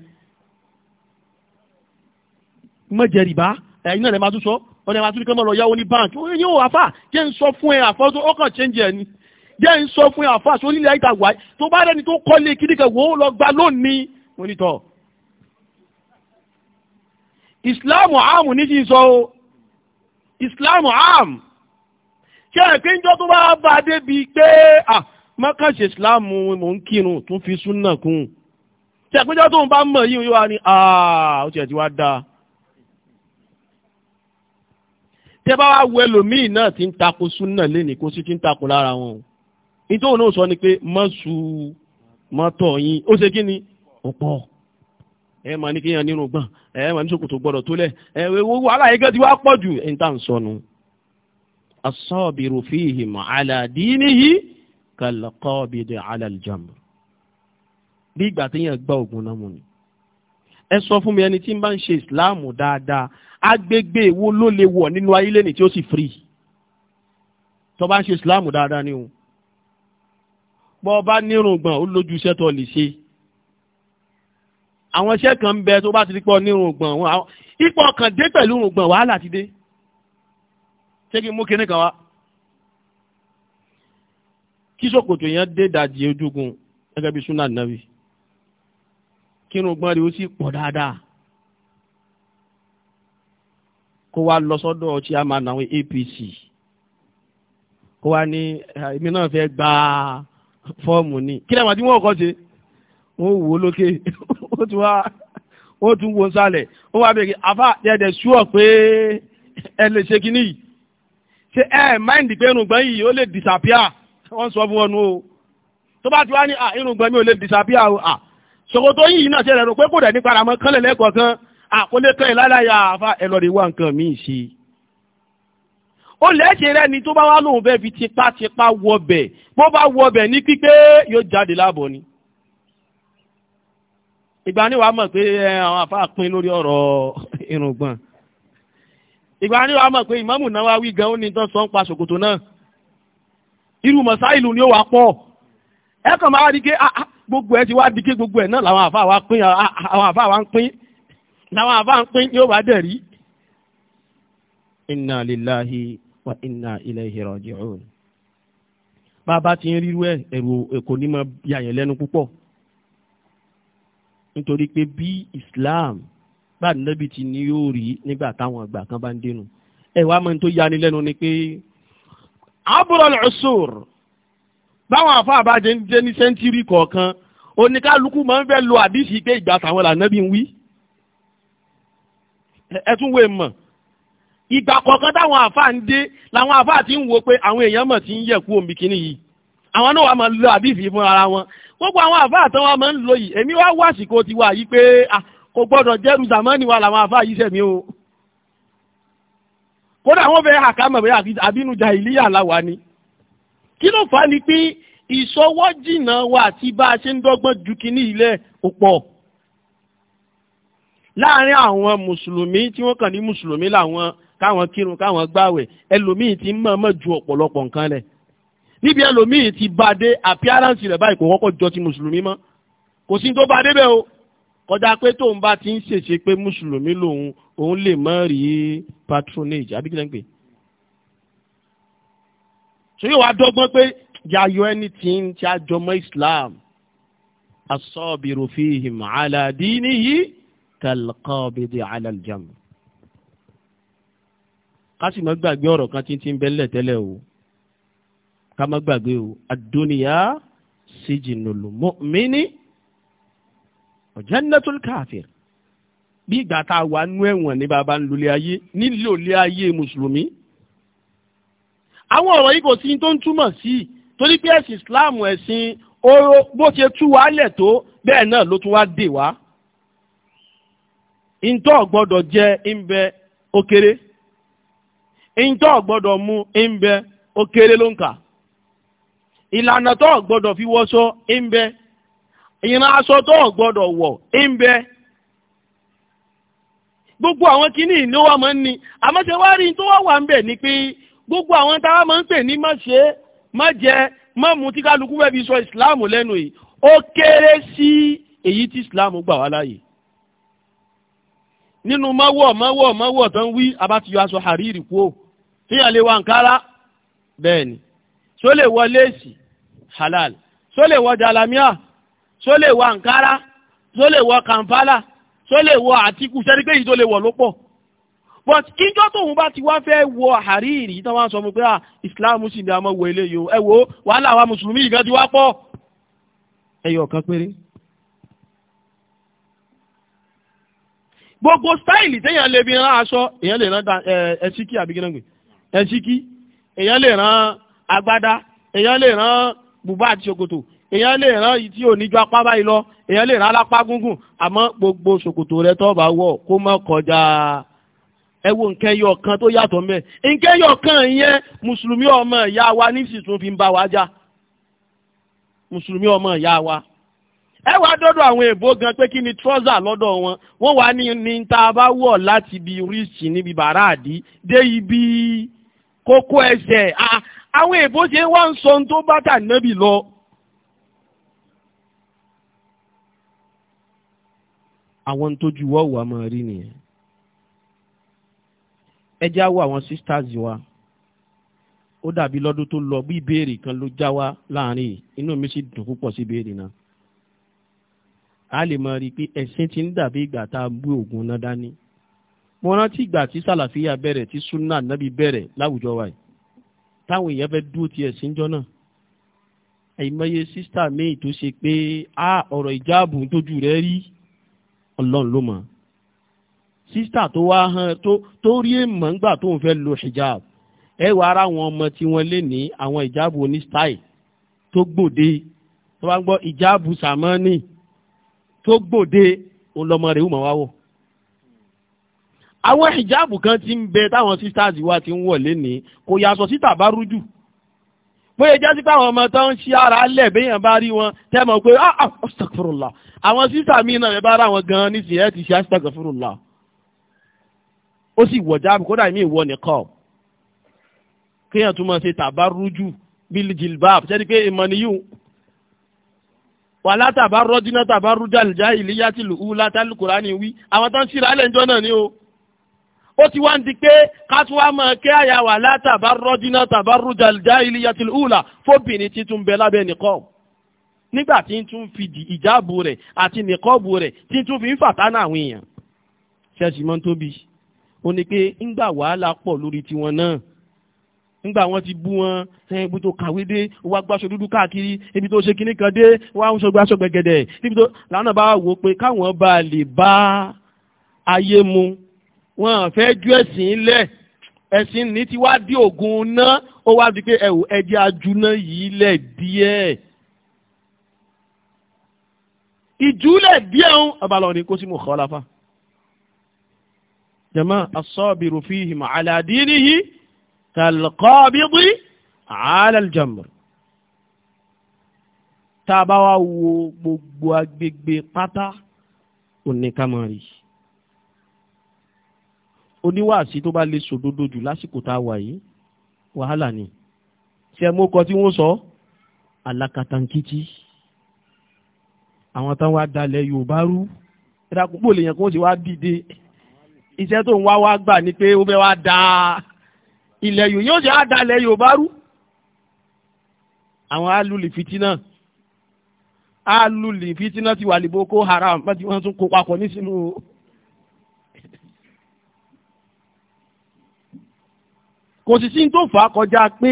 [SPEAKER 1] mọ̀jẹ̀ ẹ̀yin náà lè máa tún sọ ọ lè máa tún kí wọ́n lọ yáwó ní bank ó yẹ wò àfà jẹ́ ń sọ fún ẹ àfọ́ tó ọkàn change ẹ̀ ni jẹ́ ń sọ fún ẹ àfà tó nílẹ̀ àìta wáyé tó bá rẹni tó kọ́lé kíníkẹ̀ wò ó lọ gba lónìí mo ní tọ́ ìsìláàmù àmù ní ti sọ o ìsìláàmù àmù ṣé ẹ̀kí ń jọ tó bá bá a débi pé à mọ́kànṣe ìsìláàmù mò ń kírun tún fi súnà kún un ṣé ẹ̀pẹ́jọ́ tó ń bá mọ̀ yìí wá ní ó tiẹ̀ ti wá dáa. tẹ́ bá wá wo ẹlòmíì náà ti ń tako súnà lénìí kó sì ti ń tako lára wọn o nítorí náà sọ ni pé mọ́sù mọ́tọ̀ yín ó ṣe kí ni ọ̀pọ̀ ẹ máa ní kéèyàn nínú gbọ̀n ẹ máa ní ṣòkòtò gbọ́dọ̀ tó lẹ̀ ẹ wàhálà yìí gẹ́gẹ́ ti wá pọ̀ jù ẹ̀ ń tà ń sọnù asọ́ọ̀bìrù fíhìm àlàdínìhì kàlọ́kọ́ọ̀bìdì àlàlìjàmù. bí ìgbà tí yẹn gbọ́ ògùn náà mú ni. ẹ sọ fún mi ẹni tí ń bá ń ṣe ìsìláàmù dáadáa agbègbè wo ló lè wọ̀ nínú ayé lẹ́ni tí ó sì firi. tó bá ń ṣe ìsìláàmù dáadáa ni o. bọ́ ọ bá nírùngbọ̀n ó lójú iṣẹ́ tó lè ṣe. àwọn iṣẹ́ kan ń bẹ tó bá ti rí pọ̀ nírùngbọ̀n ipò ọkàn dé pẹ̀lú rùngbọ̀n wàhálà ti dé ṣé kí n mú kinní kan wá kí ṣòkòtò yẹn dé dàjì ojúgun gẹ́gẹ́ bí súnà nàbì kínú gbọ́n rí ó sì pọ̀ dáadáa kó wá lọ sọ́dọ̀ ọtí a máa nàwọn APC kó wá ní èmi náà fẹ́ gba fọ́ọ̀mù ni kí lẹ́wọ̀n tí wọ́n kọ́ ṣe wọ́n wò ó lókè ó ti wá ó tún wo sálẹ̀ ó wá bèèrè àfà tẹ́ẹ̀dẹ̀ ṣúọ̀ pé ẹ lè ṣe kíní yìí ṣe ẹ máìndì pé irùngbọ̀n yìí ó lè disappear wọ́n sọ fún ọnu o tó bá ti wá ní à irùngbọ̀n mi ò lè disappear o à ṣòkòtò yìí náà ṣe rẹ̀ rò pé kò dẹ̀ ní paramọ́ kánlẹ̀ lẹ́kọ̀ọ̀kan àkólé kan ìláláyà àfa ẹlọ́rin wá nǹkan míì ṣe. ó lẹ́sẹ̀ rẹ̀ ni tó bá wá lóun bẹ́ẹ̀ fi tipátipá wọbẹ̀ bó bá wọbẹ̀ ní pípé yóò jáde láàbọ̀ ni. ìgbà ni wàá mọ̀ pé àwọn àfa pin lórí ọ̀rọ̀ irùngbọ̀n ìgbà ní wàá mọ̀ pé ìmáàmù wí gan ó ní tán sọ ń pa ṣòkòtò náà irú mọ̀sáìlù ni ó wà pọ̀ ẹ máa ké ah, ah, gbogbo ẹ ti wá ké gbogbo ẹ náà làwọn àfà wa pín ah, àwọn àfa wa ń pín làwọn ń pín yóò wá dẹ̀ rí. wa ti ẹ̀rù èkó ní yàyàn lẹ́nu púpọ̀ Islam bá nẹ́bí ti ní yóò rí nígbà táwọn àgbà kan bá ń dénú ẹ wá mọ́ ní tó yani lẹ́nu ni pé abúrọ̀lù ọ̀ṣọ́r báwọn àfáà bá jẹ́ jẹ́ ní sẹ́ńtírì kọ̀ọ̀kan oníkálukú máa ń fẹ́ lo àdìsí pé ìgbà táwọn là nẹ́bí ń wí ẹ tún wé mọ̀ ìgbà kọ̀ọ̀kan táwọn àfáà ń dé làwọn àfáà ti ń wo pé àwọn èèyàn mọ̀ ti ń yẹ̀ kú òmì kínní yìí àwọn náà wà máa lo àdìsí fún ara wọn gbogbo àwọn àfáà tán máa ń lo yìí èmi wá wá àsìkò tiwa yìí pé ah kò gbọ́dọ̀ jẹ́rù zamani wa làwọn àfáà yìí sẹ̀mí o kódà wọ́n fẹ́ àkàmọ̀ pé àbínú jàhílíyà làwà ni kí ló fà á pé ìṣọwọ́ jìnnà wa àti bá a ṣe ń dọ́gbọ́n ju kínní ilẹ̀ ò pọ̀ láàárín àwọn mùsùlùmí tí wọ́n kàn ní mùsùlùmí làwọn káwọn kírun káwọn gbàwẹ̀ ẹlòmíì ti mọ̀ọ́mọ̀ ju ọ̀pọ̀lọpọ̀ nǹkan lẹ̀ níbi ẹlòmíì ti bá a dé appearance rẹ̀ báyìí kò kọ́kọ́ jọ ti mùsùlùmí mọ́ kò sí tó bá a o kọjá pé tóun bá ti ń ṣèṣe pé mùsùlùmí lòun òun lè má rí patronage àbí kílẹ̀ ń pè. ṣé yóò wá dọ́gbọ́n pé yàyọ anything tí a jọmọ́ Islam asọ́bìrò fihim ala dinihi kalqabidi ala aljam. ká sì gbàgbé ọ̀rọ̀ kan tí ń ti ń bẹ́lẹ̀ tẹ́lẹ̀ o ká má gbàgbé o adúniya sijinul mu'mini jannatul kafir bí ìgbà tá a wà nú ẹ̀wọ̀n ní bàbá ń lulẹ̀ ayé nílò lé ayé mùsùlùmí. àwọn ọ̀rọ̀ yìí kò sí tó ń túmọ̀ sí i torí pé ẹ̀sìn islam ẹ̀sìn oró bó ṣe tú wa lẹ̀ tó bẹ́ẹ̀ náà ló tún wá dè wá. ìntọ́ gbọ́dọ̀ jẹ ìbẹ ó kéré ìntọ́ gbọ́dọ̀ mu ìbẹ ó kéré ló ń kà ìlànà tó gbọ́dọ̀ fi wọṣọ ìbẹ ìran aṣọ tó gbọ́dọ̀ wọ̀ ń bẹ gbogbo àwọn kinní ló wà máa ń ni àmọ́ ṣe wá rí tó wá wà ń bẹ̀ ni pé gbogbo àwọn táwa máa ń pè ní má ṣe má jẹ má mu tí kálukú fẹ́ fi sọ ìsìláàmù lẹ́nu yìí ó kéré sí èyí tí ìsìláàmù gbà wá láàyè nínú mọ́wọ́ mọ́wọ́ mọ́wọ́ tó ń wí abátiyọ aṣọ àríìrì kú ó fíyàn lè wọ àǹkárá bẹ́ẹ̀ wọ léèsì halal ṣó lè wọ jalamia tó lè wọ Ankara tó lè wọ Kampala tó lè wọ Àtíkù sẹ́ni pé èyí tó lè wọ̀ ló pọ̀ but ìjọ tóun bá ti wá fẹ́ wọ àríìrí tó wá sọ mú pé ah, islam sì ní àmọ́ wọ ilé yìí ẹ wo wàhálà wa mùsùlùmí ìgbà ti wá pọ̀ ẹyọ kan péré. gbogbo stáìlì téèyàn lè fi rán aṣọ èèyàn lè rán ẹsíkì àbíkínàgbè ẹsíkì èèyàn lè rán agbádá èèyàn lè rán bùbá àti ṣòkòtò èèyàn lè rán yìí tí ò ní ju apá báyìí lọ èèyàn lè rán alápá gúngùn àmọ́ gbogbo ṣòkòtò rẹ tó bá wọ̀ kó má kọjá ẹ wo nǹkan ẹyọ kan tó yàtọ̀ mẹ́ nǹkan ẹyọ kan yẹn mùsùlùmí ọmọ ìyá wa nísìsiyìí tún fi ń bá wa jà mùsùlùmí ọmọ ìyá wa ẹ wá dọ́dọ̀ àwọn èèbó gan pé kí ni trọ́sà lọ́dọ̀ wọn wọ́n wá ní ní tá a bá wọ̀ láti ibi ríṣì níbi bàrá àdí dé ibi kókó ẹsẹ̀ àwọn èèbó ṣe wá ń sọ ohun tó bá tà nábì lọ àwọn tójú wọ́ọ̀wù a máa rí nìyẹn ẹ já wọ àwọn sisters wa ó dàbí lọ́dún tó lọ bí ìbéèrè kan ló já wá láàrin yìí inú mi sì dùn púpọ̀ sí ìbéèrè náà a lè mọ rí i pé ẹ̀sìn ti ń dàbí ìgbà tá a gbé ògùn náà dání mo rántí ìgbà tí sàlàfíà bẹ̀rẹ̀ tí súnà nábì bẹ̀rẹ̀ láwùjọ wa táwọn èèyàn fẹ́ dúró ti ẹ̀sìn jọ náà àìmọye sísítà míì tó ṣe pé a ọ̀rọ̀ ìjáàbù tójú rẹ̀ rí ọlọ́run ló mọ̀ sísítà tó wá hàn tó rí èèmọ̀ ńgbà tó ń fẹ́ lo hijab ẹ wà ara àwọn ọmọ tí wọ́n lé ní àwọn ìjáàbù oní style tó gbòde tó bá ń gbọ́ ìjáàbù sàmánì tó gbòde ọlọmọ rẹ̀ ó mọ̀ wá wọ̀ àwọn ìjáàbù kan ti ń bẹ táwọn sisters wa ti ń wọ̀ lé ní kò yàtọ̀ sí tàbárújù. Si bóyá jásí pé àwọn ọmọ tó ń ṣí ara lẹ̀ béèyàn bá rí wọn tẹ́mọ̀ pé ah, ah, astagfirullah àwọn sísà mi náà rẹ̀ bá rà wọn gan-an ní tiẹ̀ ti ṣe astagfirullah ó sì wọ̀ jáàbù kódà mí ìwọ nìkan kéèyàn tún máa ṣe tàbárújú bíi jilbab ṣẹ́ni pé ìmọ̀ niyún wà látàbá rọ́dínà tàbá rúdà ìjà ìléyà tìlú hù látàlùkùrá ni wí àwọn tó o ó ti wá ń di pé ká tún wá máa kẹ́ àyà wà látàbá rọ́jìnà tàbá rújàlìjà ìlíyàtìlú hùlà fóbìnrin títún bẹ lábẹ́ nìkọ́ nígbà tí ń tún fi di ìjáàbò rẹ̀ àti nìkọ́ọ̀bù rẹ̀ tí ń tún fi ń fàtánà àwọn èèyàn ṣẹ́ẹ̀sì mọ́ tóbi ó ní pé ńgbà wàhálà pọ̀ lórí tiwọn náà ńgbà wọn ti bú wọn ibi tó kàwé dé wá gbàṣọ dúdú káàkiri ibi tó ṣe kinní kan dé wá ń sọ gbàṣọ gbẹ̀gẹ̀dẹ̀ níbi tó lànà bá wò pé káwọn bá lè bá ayé mu wọn fẹ́ ju ẹ̀sìn lẹ̀ ẹ̀sìn ní ti wá di ògùn ná ó wá di pé ẹ̀wò ẹ̀jẹ̀ ajuná yìí lẹ̀ díẹ̀ ìjúlẹ̀ díẹ̀ ń abalọ̀ ni kó sí mukhalafa jama asọ́bìrù fihim ala dinihi kalqabidi ala aljamr tá a bá wá wo gbogbo agbègbè pátá òní ká máa rí i oníwàásí tó bá lè sòdodo jù lásìkò tá a wà yìí wàhálà ni ṣe mú kọ tí wọ́n sọ alákatakítí àwọn tán wá dalẹ̀ yorùbá rú ìdàkúnpọ̀ lèèyàn kó ti wá dìde iṣẹ́ tó ń wá wá gbà ni pé ó fẹ́ wá da ilẹ̀ yorùbá yóò ṣe á dalẹ̀ yorùbá rú àwọn alùlì fìtínà ti wà ní Boko Haram wọ́n tún kó papọ̀ nísìnyí o. kò sì sí tó fà á kọjá pé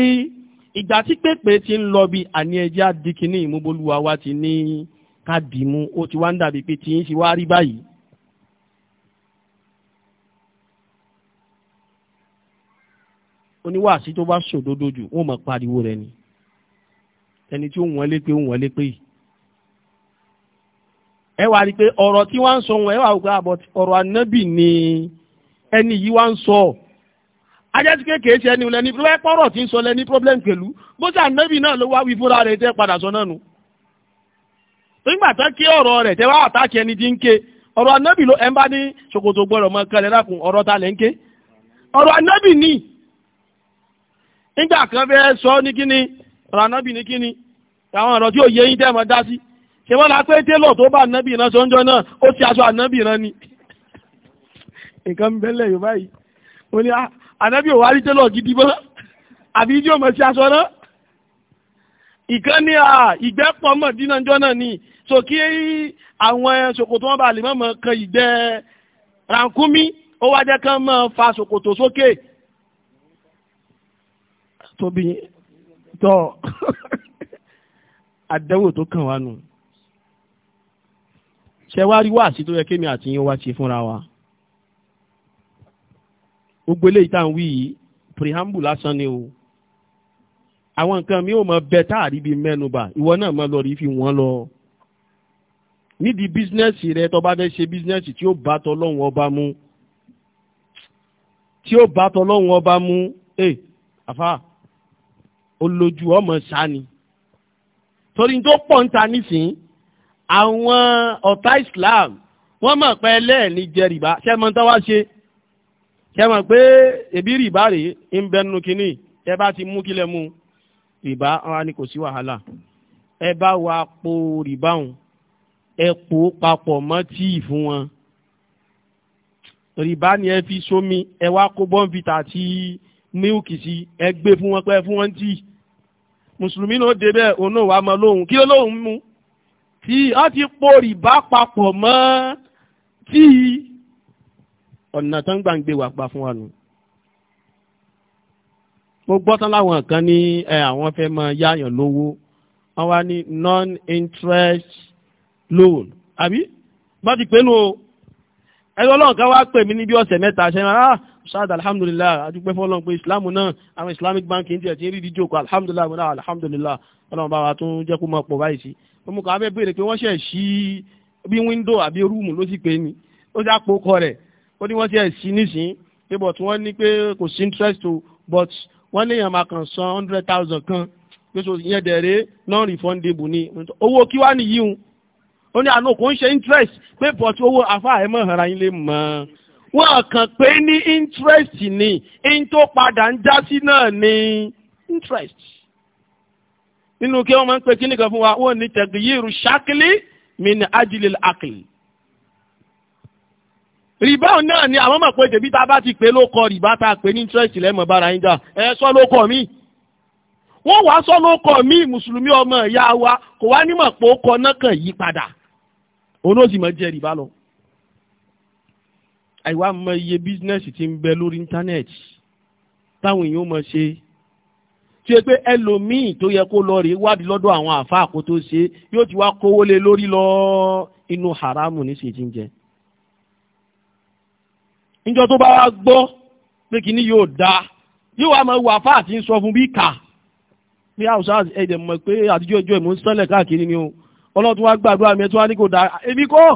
[SPEAKER 1] ìgbà tí pépè ti ń lọ bí àní ẹjẹ́ àdìkíní ìmúbolúwa wa ti ní kádìmú ó ti wá ń dàbí pé tí ń ṣe wá rí báyìí. oníwàásí tó bá sòdodo jù wọn máa pariwo rẹ ni ẹni tí ó wọn lé pé ó wọn lé pé yìí ẹ wá rí i pé ọ̀rọ̀ tí wọ́n ń sọ wọn ẹ wá wò pé ah, ọ̀rọ̀ ànábì ni ẹni yìí wá ń sọ ọ́ ajẹ́sí kéèké ṣe ẹni lẹ́ni ló wáyé pọ́rọ̀ tí ń sọ lẹ́ni problem pẹ̀lú bó ṣe ànábì náà ló wá wí fúnra rẹ̀ tẹ́ padà sọ náà nù. nígbà tán kí ọ̀rọ̀ rẹ̀ tẹ́ wá àtàkì ẹni tí ń ké ọ̀rọ̀ ànábì ló ẹ̀ ń bá ní ṣòkòtò gbọ́dọ̀ mọ kẹlẹ̀ lákùn ọ̀rọ̀ ta lẹ́ ń ké ọ̀rọ̀ ànábì ni nígbà kan fẹ́ sọ ní kíni ọ̀rọ̀ ànábì ni kíni àwọn ọ̀rọ̀ tí ò yé yín tẹ́ mọ dá sí ṣé wọ́n la pé télọ̀ tó bá ànábì náà sọ́njọ́ náà ó ti aṣọ ànábì náà ni nǹkan bẹ́lẹ̀ yorùbá yìí ó ní ah, ànábì ò wá rí tẹ́lọ̀ gidi mọ́ àbí tí ó mọ̀ sí aṣọ náà ìkan ní à ìgbẹ́ pọ̀ mọ̀ dínàjọ́ náà ni so kí àwọn ṣòkòtò wọn bá lè mọ̀ kan ìgbẹ́ rànkúmí ó wá jẹ́ mọ̀ fa ṣòkòtò sókè tóbi tọ́ àdẹ́wò tó kàn wá nù ṣe wá rí wáàsí tó yẹ kémi àti yín wá ṣe fúnra wa gbogbo eléyìí tá à ń wí yìí preamble lásán ni o àwọn nǹkan mi ò mọ bẹ táàrí bíi mẹ́nubà ìwọ náà mọ lọ rí fi wọ́n lọ nídìí bísínẹ́sì rẹ tó bá fẹ́ ṣe bísínẹ́sì tí ó bá tọlọ́hun ọba mu tí ó bá tọlọ́hun ọba mu ẹ eh, àfa olójú ọmọ sani torí tó pọ̀ ń ta nísìnyí àwọn ọ̀tá Islam wọ́n mọ̀ pé lẹ́ẹ̀ ní jẹ rìbá ṣẹ́ mọ́tọ́ wá ṣe ṣe mọ̀ pé èbí rìbá rèé ń bẹnu kínní ẹ bá ti mú kílẹ̀ mú rìbá wa ni kò sí wàhálà ẹ bá wa po rìbá òun ẹ pò papọ̀ mọ́ tíì fún wọn rìbá ni ẹ fi somi ẹ wá kó bọ́ǹfìtà àti mílkì sí ẹ gbé fún wọn pé fún wọn tíì mùsùlùmí ló dé bẹ́ẹ̀ òun náà lóhùn kí lóhùn mu tí wọ́n ti po rìbá papọ̀ mọ́ tíì ọ̀nà tó ń gbà ń gbé wà pa fún wa nù. mo gbọ́ tán láwọn kan ní àwọn fẹ́ máa yáyàn lówó wọ́n wá ní non-interest loan àbí bá ti pé nù o ẹ̀rọ ọlọ́run kan wá pè mí níbi ọ̀sẹ̀ mẹ́ta ṣe máa ṣáàdà ah, alhamdulillah adúpẹ́ fọ́lọ́n pé islamu náà àwọn islamic bank ń tiẹ̀ ti ń rí díjòkó alhamdulillah mọ́nà ah, alhamdulillah ọlọ́run bá wa tún jẹ́ kó mọ̀ pọ̀ báyìí sí ọmọ kan abẹ́ béèrè pé wọ́n ṣẹ̀ ṣí bí wíńdò àbí rúùmù ló sì pé ni ó sì àpò kọ rẹ̀ ó ní wọ́n ti ẹ̀ sí nísìnyí pé but wọ́n ní pé kò sí interest o but wọ́n léèyàn máa kàn san hundred thousand kan pé so ìyẹn dẹ̀rẹ́ non refundable ni owó kí wá nìyí o ó ní àná kò ń ṣe interest pé but owó afáàyè mọ̀ ara yín lè mọ̀ wọ́n kàn pé ní interest ni in tó padà ń já sí náà ni interest nínú kí wọ́n máa ń pè kíníkan fún wa wọ́n ní tẹ̀gbìyìrù ṣákìlì mi ní ajílẹ̀ àkìlì rìbá náà ni àwọn mọ̀ pé tèbí tá a bá ti pè ló kọ rìbá tá a pè ní interest lẹ́mọ̀ bára yín dà ẹ sọ ló kọ wọ́n wàá sọ ló kọ mùsùlùmí ọmọ ìyá wa kò wá nímọ̀ pé ó kọ náà kàn yí padà òun ó sì mọ̀ jẹ rìbá lọ. àìwá mọ iye bísínẹ́sì ti ń bẹ lórí íńtánẹ́ẹ̀tì táwọn èèyàn mọ̀ ṣe tí o pé ẹlòmíì tó yẹ kó lọ rè wádìí lọ́dọ̀ àwọn àfa àkótó ṣe yóò ti wá kówó lé lórí lọ inú haramu ní ṣèjì ń jẹ níjọ́ tó bá wá gbọ́ pé kìíní yóò da yóò wá máa wà fáà tí ń sọ fún bí kà bí àwùsá ẹ̀jẹ̀ mọ̀ pé àtijọ́ ìjọ ìmọ̀ ń sẹ́lẹ̀ káàkiri ni o ọlọ́tún wá gbàdúrà mi ẹ̀tún wá ní kò da èmi kọ́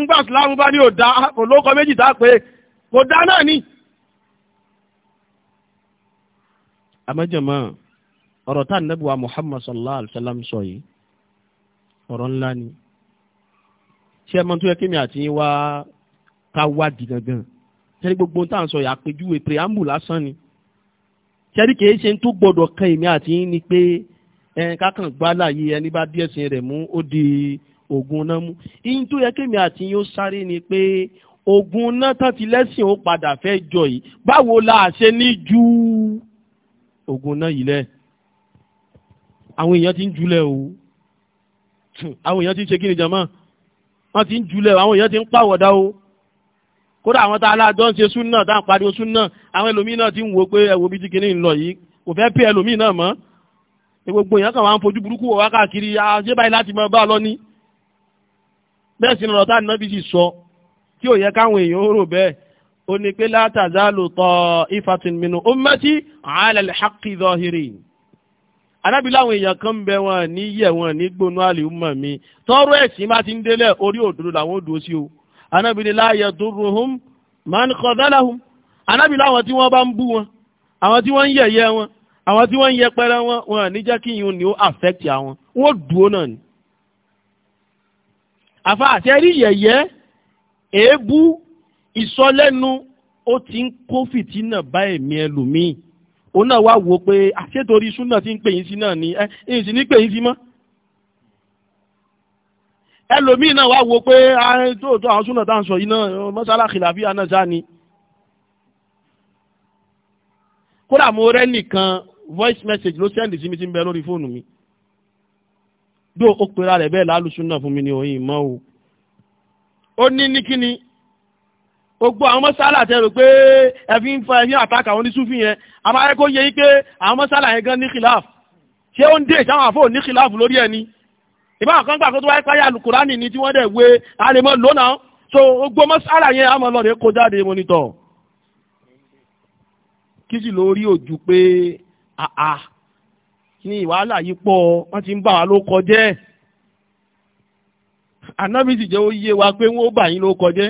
[SPEAKER 1] ńgbà síláàmù bá ní ò da kò lóko méjì tá pé kò da náà ni. àmọ́jọ̀mọ́ ọ̀rọ̀ tá nẹ́bù wa Muhammad sallallahu alayhi wa sallam sọ yìí ọ̀rọ̀ ńlá ni ṣé ẹ mọ̀ tó yẹ kí mi àti yín wá ká wádìí gangan sẹ́ni gbogbo ohun tá à ń sọ yà àpèjúwe preamble lásán ni sẹ́ni kìí ṣe tó gbọ́dọ̀ kan èmi àti yín ni pé ẹn kákan gbá láàyè ẹni bá díẹ̀ sin rẹ̀ mú ó di ogun náà mú ìyín tó yẹ kémi àti yín ó sáré ni pé ogun náà tán ti lẹ́sìn ó padà fẹ́ jọ yìí báwo la ṣe ní ju ogun náà yìí lẹ̀ àwọn èèyàn ti ń julẹ̀ o àwọn èèyàn ti ń ṣe kí ni jàmá wọ́n ti ń julẹ̀ àwọn èèyàn ti ń pàwọ̀dá o kódà àwọn tá aláàjọ ń ṣe súnà tá à ń pariwo súnà àwọn ẹlòmíín náà ti ń wo pé ẹwò bíi ti kìíní ń lọ yìí kò fẹ́ pé ẹlòmíín náà mọ́ gbogbo èèyàn kan wà ń fojú burúkú wọ̀ wákàkiri àṣẹ báyìí láti máa bá ọ lọ ní. bẹ́ẹ̀ sì ni ọ̀rọ̀ tá ànábì sì sọ tí ò yẹ káwọn èèyàn rò bẹ́ẹ̀ ó ní pé látàzálù tọ ifatun minnu ummati ala al-haqqi zahirin láwọn èèyàn kan ń bẹ wọn ní yẹ wọn ní gbónú àlè ọmọ mi tọrọ ẹ̀sìn bá ti ń délẹ̀ orí òdodo làwọn ò dúró sí o anábìnrin láàyè dúró hùm máa ń kọ́ dálà hùm anábìnrin àwọn tí wọ́n bá ń bú wọn àwọn tí wọ́n ń yẹ̀yẹ́ wọn àwọn tí wọ́n ń yẹpẹrẹ wọn wọn ní jẹ́ kí yìí ni ó affect àwọn wọ́n dúró náà ni. àfa àṣẹrí yẹ̀yẹ́ èébú ìsọlẹ́nu ó ti ń kó fìtínà bá ẹ̀mí ẹlòmíì òun náà wá wò ó pé àṣetorí súnà ti ń pè yín sí náà ni ẹ ìsìn ní pè yín sí mọ́ ẹlòmíì náà wá wo pé tóòtó àwọn súnà tá à ń sọ yìí náà mọ́sálà kìláfíà náà sá ni. kódà mo rẹ́ nìkan voice message ló sẹ́ndì sí mi ti ń bẹ lórí fóònù mi dó o pera rẹ̀ bẹ́ẹ̀ lálùsúnà fún mi ni òyìn mọ́ o. ó ní ní kíni gbogbo àwọn mọ́sálà tẹ rò pé ẹ̀fí ń fa ẹ̀fí àtàkà àwọn oníṣúfì yẹn àmọ́ ayẹ́kọ́ yẹ yí pé àwọn mọ́sálà yẹn gan ní kìláàfù ṣé ó ń dé ìṣàwọn àfọ̀ ní kìláàfù lórí ẹni ìbá ọ̀kan gbà kó tó wáyé káyà alukurani ní tí wọ́n dẹ̀ wé alẹ́mọ́ lónà so gbogbo mọ́sálà yẹn àmọ́ lọ́rẹ̀ kó jáde mọ́nítọ̀ kí sì lórí òjú pé àà ní ìwàhálà yìí pọ̀ wọ́n ti ń wa pé wọ́n bà yín ló kọjẹ́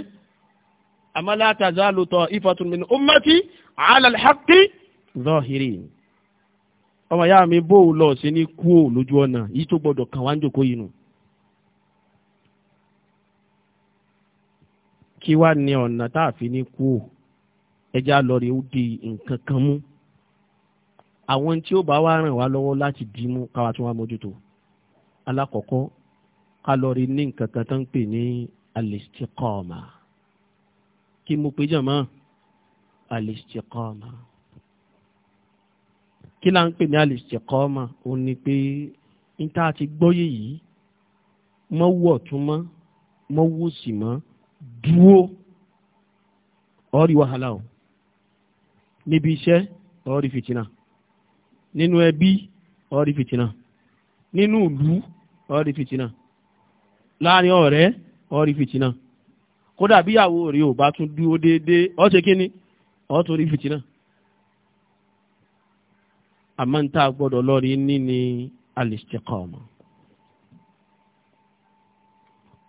[SPEAKER 1] àmọ́ látàzá ala ọmọ ìyá mi bó lọ sí ní kú ò lójú ọ̀nà yìí tó gbọdọ̀ kàn wá ń jòkó yìí nù. kí wá ní ọ̀nà tá a fi ní kú ò ẹja lọ rèé ó di nǹkan kan mú àwọn tí ó bá wá ràn wá lọ́wọ́ láti dì mú káwa tún wá mójútó alákọ̀ọ́kọ́ ká lọ rí ní nǹkan kan tó ń pè ní al kí mo pè jàmọ́ al kí là ń pè ní al-istiqama òun ni pé níta ti gbọ́yé yìí mọ́wọ́ ọ̀tún mọ́ mọ́wọ́ sì mọ́ dúró ọ̀rí wàhálà o níbi iṣẹ́ ọ̀rí fìtínà nínú ẹbí ọ̀rí fìtínà nínú ìlú ọ̀rí fìtínà láàrin ọ̀rẹ́ ọ̀rí fìtínà kódà bíyàwó rẹ̀ ò bá tún dúró déédéé ó ṣe kíni ó tún rí fìtínà àmọ́ ń tá a gbọ́dọ̀ lọ́rí ní ni al-istiqama.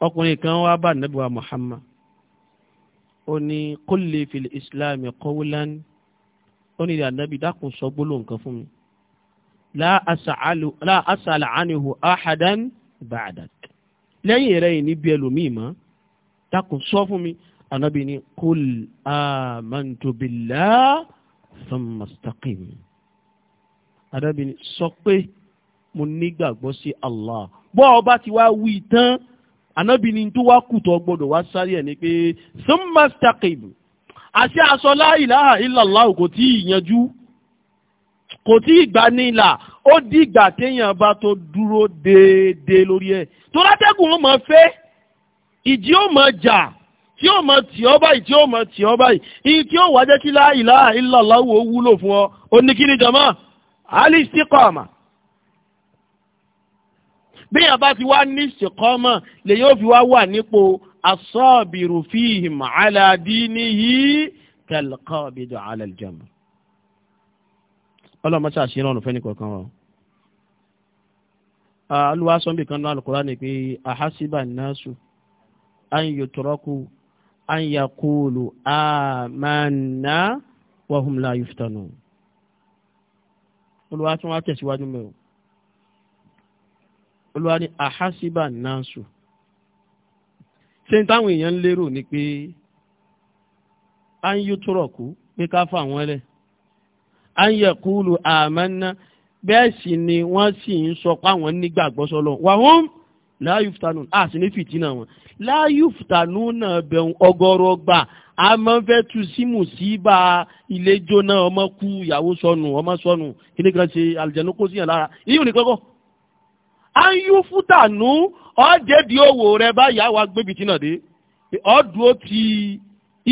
[SPEAKER 1] ọkùnrin kan wá bá nàbíwá Muhammad ó ní kulli fil islami qawlan ó ní ànábì dákun sọ gbólóhùn kan fún mi la as'alu anhu ahadan ba'dak lẹ́yìn rẹ̀ yìí níbi ẹlòmíì mọ́ dákun sọ fún mi ànábì ní kul amantu billah thumma istaqim arábìn sọ pé mo nígbàgbọ́ sí Allah bọ́ ọba ti wá wí tán anábìnrin tó wá kùtọ̀ gbọ́dọ̀ wá sáré ẹ̀ ni pé summa istaqim àti aṣọ la ilaha illallah kò tí ì yanjú kò tí ì gbà ní ìlà ó dìgbà téèyàn bá tó dúró déédéé lórí ẹ̀ tó látẹ́gùn ó máa fẹ́ ìjì ó máa jà tí ó máa tì ọ́ báyìí tí ó máa tì ọ́ báyìí iye tí ó wá jẹ́ kí la ilaha illallah wò wúlò fún ọ ó ní al-istiqama bíyàn bá ti wá ní istiqama lèyìn ó fi wá wà nípò as-sabiru fihim ala dinihi kal-qabidu ala al-jamr ọlọ́mọṣẹ́ àṣírí ọ̀nà fẹ́ni kọ̀ọ̀kan wọn alúwà sọ́nbì kan náà Al-Qur'ani pé àhásíbà náṣù an yutraku amanna wa hum olúwa tún wá tẹ̀síwájú mẹ́wọ̀ olúwa ní àhásíbà náàsù ṣe ń táwọn èèyàn ń lérò ní pé a ń yú túrọ̀kú pé ká fà wọ́n lẹ̀ a ń yẹ kúlù àmánà bẹ́ẹ̀ sì ni wọ́n sì ń sọ páwọn nígbàgbọ́ sọ́lọ́ wà wọ́n láàyùfùtánù àti ní fìtínà wọn láàyùfùtánù náà bẹ̀rù ọgọ́rọ̀ gbà a máa ń fẹ́ tu símù sí bá ilé jóná ọmọ kú ìyàwó sọnù ọmọ sọnù kíní kan ṣe àlùjẹ̀nu kó síyàn lára ní kọ́kọ́. a ń di owó rẹ báyà wá gbébi tí náà dé ti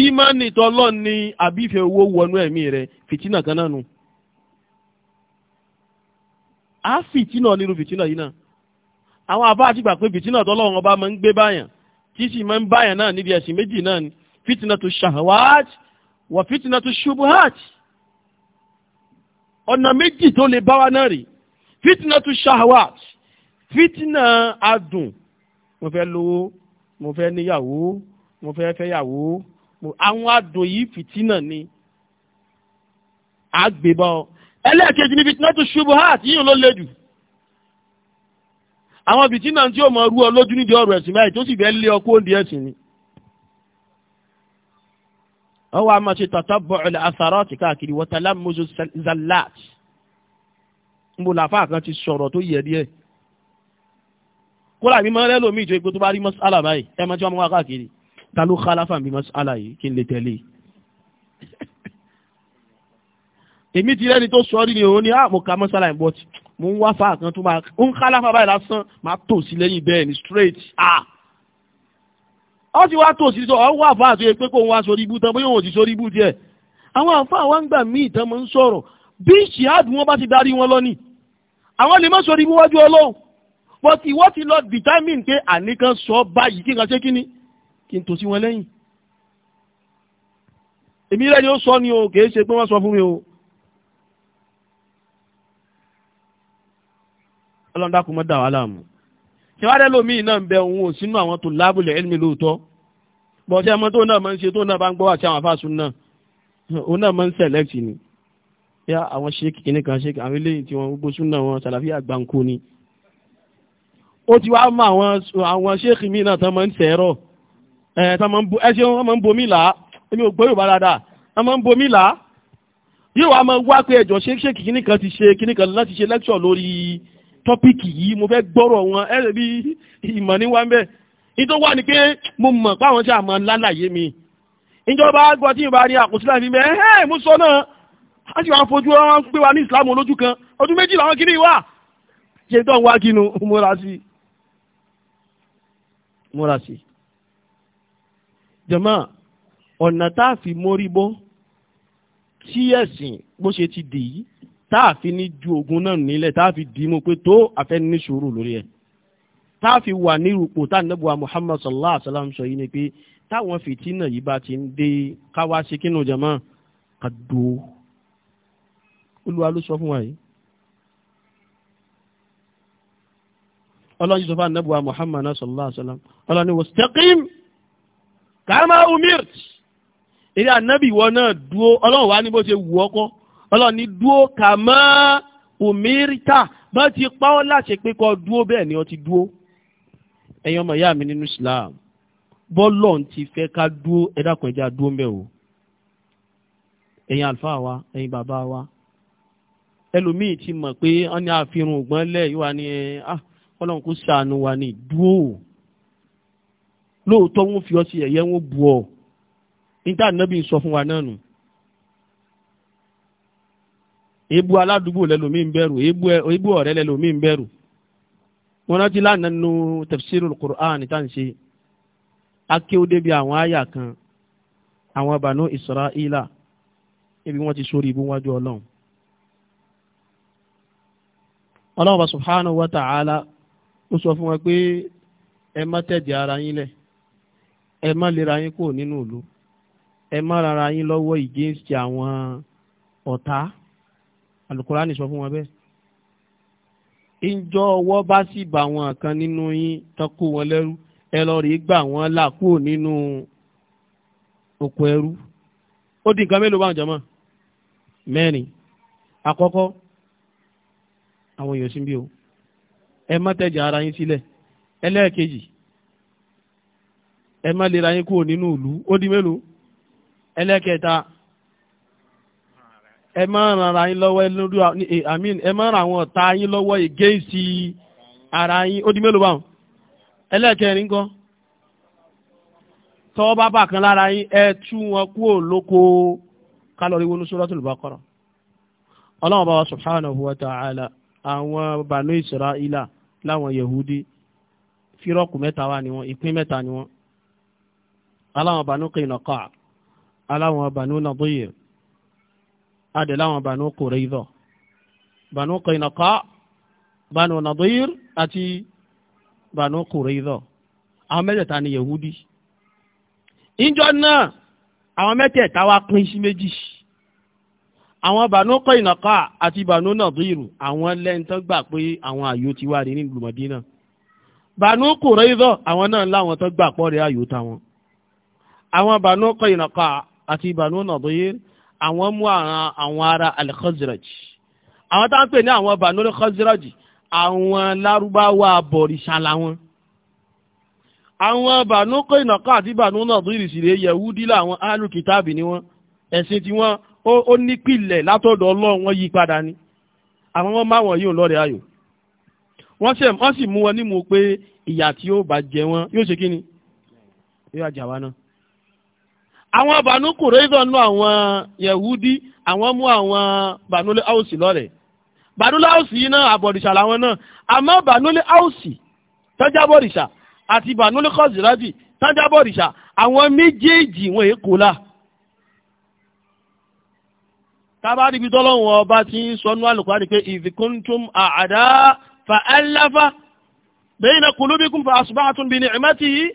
[SPEAKER 1] ìmánì tọ́lọ́ ni àbífẹ́ owó rẹ fìtínà kan náà nù. a fìtínà fìtínà yìí náà àwọn àbá àti gbà pé fìtínà wọn bá máa ń gbé báyàn sì máa ń báyàn fitnatu shahawat wa fitnatu shubuhat ọ̀nà méjì tó lè bá wa náà rí fitnatu shahawat fitna adùn mo fẹ́ lówó mo fẹ́ níyàwó mo fẹ́ fẹ́yàwó àwọn adùn yìí fìtínà ni àgbébọ̀ ẹlẹ́ẹ̀kejì ni fitnatu shubuhat yíyan ló lè jù àwọn fitina tí ó mọ̀ rú ọ lójú nídìí ọ̀rọ̀ ẹ̀sìn báyìí tó sì fẹ́ lé ọkú òǹdí ẹ̀sìn ni ọwọ́ a máa ṣe tatabu'u al-atharati káàkiri wa talammuzu zallat níbo làfáà kan ti sọ̀rọ̀ tó yẹ díẹ̀ kódà mi máa rẹ́ lómi ìjọ igbó tó bá rí mas'ala báyìí ẹ máa tí wọ́n mú wá káàkiri ta ló khalafa bí mas'ala yìí kí n lè tẹ̀lé èmi ti rẹ́ni tó sọ rí ni òun ni àmọ́ ah, ka mas'ala yìí bọ́t mo ń wá fáà kan tó máa ń khalafa báyìí lásán máa tò sí lẹ́yìn bẹ́ẹ̀ ni straight ah ọ sì wá tó sí sọ ọ wà fà àti pé kó wá sórí ibú tán bóyá òun ò sì sórí ibú tiẹ̀ àwọn àǹfà wa ń gbà míì tán máa ń sọ̀rọ̀ bí ìṣìhádù wọn bá ti darí wọn lọ́nìí àwọn lè má sórí ibú wájú ọlọ́run but ìwọ́ ti lọ determine pé àníkan sọ báyìí kí n kan ṣe kíni kí n tò sí wọn lẹ́yìn èmi rẹ̀ ni ó sọ ni o kìí ṣe pé wọ́n sọ fún mi o ọlọ́run dákun mọ́ dà wá láàmú ìwádẹ́ lómi iná ń bẹ òun ò sínú àwọn tó lábùlẹ̀ ẹ̀mí lóòótọ́ bọ̀ọ̀ṣẹ́ ọmọ tó náà máa ń ṣe tó náà bá ń gbọ́ àti àwọn afásun náà òun náà máa ń sẹ̀lẹ́kì ni yá àwọn ṣéèkì kìíní kan ṣéèkì àwọn eléyìí tí wọ́n gbogbo súnà wọn sàlàfí àgbáǹkó ni ó ti wá mọ àwọn ṣéèkì míì náà tán máa ń sẹ̀rọ ẹ̀ tán máa ń bo ẹṣẹ́ wọn máa ń bomi là èmi ò gbọ́ Yorùbá dáadáa wọ́n máa ń bomi là yóò wá máa wá pé ẹ̀jọ̀ ṣéèkì kìíní kan ti ṣe kìíní kan láti ṣe lẹ́kṣọ̀ lórí tọ́píìkì yìí mo fẹ́ gbọ́rọ̀ wọn ẹ lè bí ìmọ̀ ní wá ń bẹ̀ nítorí wà ní pé mo mọ̀ páwọn ṣe àmọ́ lálàyé mi ìjọba gbọ́ tí ìbá rí àkọsílẹ̀ mi bẹ́ẹ̀ ẹ̀ mo sọ náà a sì wá fojú wọn pé wa ní ìsìlámù olójú kan ọdún méjì làwọn kiri wà ṣe tó ń wá kinu múra sí múra sí jàmá ọ̀nà tá a fi mórí bọ́ tí ẹ̀sìn bó ṣe ti dì yìí táàfi ní ju ogun náà nílẹ̀ táàfi dìímú pé tó afẹ́ ní sùúrù lórí ẹ̀ táàfi wà ní ìrùpò tá nẹ́bùwà Muhammad sallallahu alaihi wasallam sọ yìí ni pé táwọn fìtínà yìí bá ti ń dé káwá sí kínú jama ká olúwa ló sọ fún wa yìí ọlọ́run sọ fún nẹ́bùwà Muhammad sallallahu alaihi wasallam ọlọ́run ni wastaqim kama umirt ilé ànábì ìwọ náà dúó ọlọ́run wá ní bó ṣe wù ọkọ́ ọlọ́run ní dúó kà mọ́ òmírítà bá ti pa ọ́ láṣẹ pé kọ́ dúó bẹ́ẹ̀ ni ọ ti dúó ẹ̀yin ọmọ ìyá mi nínú Islam bọ́lọ̀ ti fẹ́ ká dúó ẹ ẹja dúó ń o ẹ̀yin àlùfáà wa ẹ̀yin bàbá wa ẹlòmíì ti mọ̀ pé wọ́n ní àfihàn ògbọ́n lẹ̀ yìí wà ní ẹ̀ ah, ọlọ́run kò ṣàánú wa ní dúó lóòótọ́ wọn fi ọ sí ẹ̀yẹ wọn bu ọ níta nàbí sọ fún wa náà nù èébú aládùúgbò lẹ́lòmí ń bẹ̀rù èébú ọ̀rẹ́ lẹ́lòmí ń bẹ̀rù wọn rántí lánàá nínú tafsirul Qur'an tá à ń ṣe akéwòdé bíi àwọn àyà kan àwọn Banu Israila ibi wọ́n ti sórí ibú wájú ọlọ́run ọlọ́run bá subhanahu wa ta'ala ó sọ fún wa pé ẹ má tẹ̀dí ara yín lẹ̀ ẹ má lera yín kúrò nínú ìlú ẹ má rara yín lọ́wọ́ against àwọn ọ̀tá alukurani sọ fún wọn bẹ́ẹ̀ ìjọ ọwọ́ bá sì bà wọn kan nínú yín tọ́kù wọn lẹ́rú ẹ lọ rí gbà wọn là kúrò nínú oko ẹrú ó di nǹkan mélòó báwọn jọmọ mẹ́rin àkọ́kọ́ àwọn èèyàn síbí o ẹ má tẹ̀jà ara yín sílẹ̀ ẹlẹ́ẹ̀kejì ẹ má lera yín kúrò nínú ìlú ó di mélòó ẹlẹ́ẹ̀kẹta ẹ má ran ara yín lọ́wọ́ lórí àmín eh, ẹ àwọn ọ̀tá yín lọ́wọ́ ìgéèsì ara yín ó di mélòó báwọn ẹlẹ́ẹ̀kẹrin tọ́wọ́ bá bà kan lára yín ẹ tú wọn kú lóko kálọ̀rí wọnú ọlọ́run Israila láwọn yahudi, fírọ́kù mẹ́ta ìpín mẹ́ta aláwọn banu aláwọn adìlá àwọn Banu Qurayza Banu Qaynuqa Banu Nadir àti Banu Qurayza àwọn mẹ́tẹ̀ẹ̀ta ni Yehudi ìjọ náà àwọn mẹ́tẹ̀ẹ̀ta wá pín sí méjì àwọn Banu Qaynuqa àti Banu Nadir àwọn lẹ́ńtọ́ gbà pé àwọn àyò ti wá rí nílùú Mọ̀dínà Banu Qurayza àwọn náà láwọn tó gbà pọ̀ rí àyò táwọn àwọn Banu Qaynuqa àti Banu Nadir àwọn mú àwọn ará al-Khazraj àwọn tá ń pè ní àwọn Banul Khazraj àwọn lárúbáwá bọ̀rìṣà làwọn àwọn Banu Qaynuqa àti Banu Nadir ìsìlẹ̀ Yahudi làwọn alu kitabi ni wọ́n ẹ̀sìn tí wọ́n ó nípìlẹ̀ látọ̀dọ̀ Ọlọ́run wọ́n yí padà ni àwọn wọn máa wọ̀n yóò lọ́rẹ̀ ayò wọ́n sì mú wọn nímú pé ìyà tí ó bá wọn yóò ṣe kí ni yóò àjàwá náà àwọn bànú kùrẹ́dọ̀ nú àwọn yẹ̀wúdí àwọn mú àwọn bànúlẹ̀ áùsì lọ́rẹ̀ bànúlẹ̀ áùsì yìí náà àbọ̀rìṣà làwọn náà àmọ́ bànúlẹ̀ áùsì tọ́jábọ̀rìṣà àti bànúlẹ̀ kọ́sìrájì tọ́jábọ̀rìṣà àwọn méjèèjì wọn èkó la tábàrí ibi tọ́lọ́wọ́n ọba ti ń sọnú àlùkárì pé ìfikúntùm àdá fa ẹlẹ́fà bẹ́ẹ̀ ni kùlùbíkùn fa àṣùbáàtún bí ní ìmẹ́tì yìí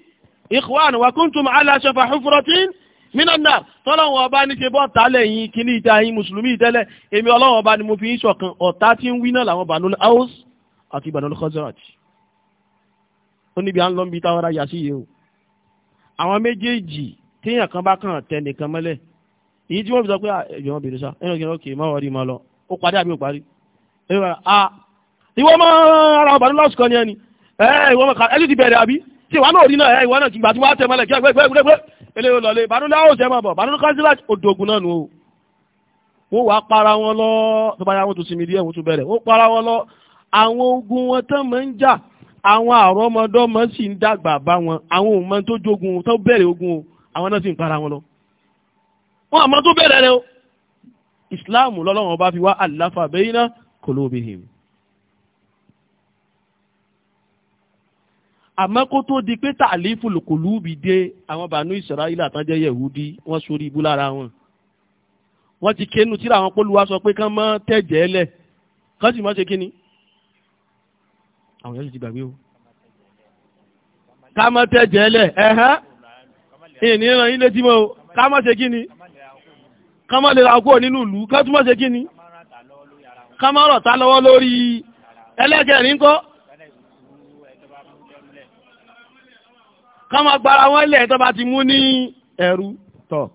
[SPEAKER 1] ìkùwàn wà kúntùm aláṣẹ fa hufratin mínọ́nà tọ́lọ́wọ́n ọba ní ṣe bọ́ tálẹ̀ yín kíní ìdá yín mùsùlùmí ìtẹ́lẹ̀ èmi ọlọ́wọ́n ọba ni mo fi ń ṣọ̀kan ọ̀tá tí ń wí náà làwọn Banul Aws àti Banul Khazraj ó níbi à ń lọ bí táwọn ara yà sí yìí o àwọn méjèèjì téèyàn kan bá kàn tẹ nìkan mọ́lẹ̀ èyí tí wọ́n fi sọ pé ẹ̀jọ̀wọ́n bèrè sá ẹ̀rọ kìnnìkan kì í máa wọrí máa lọ ó parí àbí ó parí ìwọ mọ ara ọba nílọ ọsùn kan ní ẹni ẹ ìwọ mọ ẹni ti bẹ̀rẹ̀ àbí tí ìwà náà rí náà ẹ ìwà náà ti gbà tí wọ́n á tẹ mọ́lẹ̀ kí ẹgbẹ́ ẹgbẹ́ ẹgbẹ́ eléyìí lọlé ìbánúlẹ̀ àwọn òṣèlú ọ̀bọ̀ ìbánúlẹ̀ kọ́sílà òdògùn náà o wọ́n para wọn lọ tó bá wọn wọ́n tún sinmi díẹ̀ wọ́n para wọn lọ àwọn ogun wọn tán máa ń jà àwọn àrọ́mọdọ́mọ sì ń dàgbà bá wọn àwọn òun máa tó jogun tó ogun o àwọn náà sì ń para wọn lọ wọn àmọ́ tó bẹ̀rẹ̀ rẹ o lọ́lọ́wọ́n bá fi wá àlàfà bẹ́yìn náà àmọ́ kó tó di pé tàlífù lùkùlùbì dé àwọn bànú Ísírẹ́lì àtàjẹ́ yẹ̀húdí wọ́n sórí ibú lára wọn. wọ́n ti kéénu tíra àwọn pólúwa sọ pé kán mọ́ tẹ̀jẹ́ lẹ̀ kán sì mọ́ ṣe kíni. àwọn yẹn ti gbàgbé o. ká mọ́ tẹ̀jẹ́ lẹ̀ ẹ̀hán ìní yín létí mọ́ o ká mọ́ ṣe kíni. ká mọ́ lè kúrò nínú ìlú ká tún mọ́ ṣe kíni. ká mọ́ rọ̀ ta lọ́wọ́ lórí ẹlẹ́kẹ̀ẹ́ kọ́ máa gbára wọn lẹ̀ tó bá ti mú ní ẹ̀rú tọ̀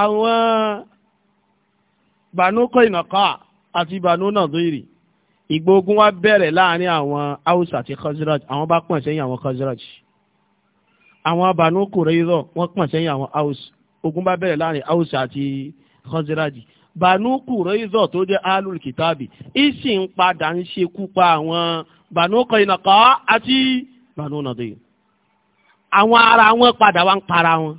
[SPEAKER 1] àwọn bànú kọ́ ìnàkọ́ àti bànú náà lóyìí ìgbógun wá bẹ̀rẹ̀ láàrin àwọn haúsá àti khazraj àwọn bá pọ̀n sẹ́yìn àwọn khazraj àwọn bànú kùrẹ́yìrọ̀ wọ́n pọ̀n sẹ́yìn àwọn haúsá ogun bá bẹ̀rẹ̀ láàrin haúsá àti khazraj banu kùrẹ́ìzọ̀ tó jẹ́ alul kìtàbì ìsì padà ń ṣekú pa àwọn banu kọ̀ìnàkọ́ àti banu nàdìyàn àwọn ara wọn padà wá ń para wọn.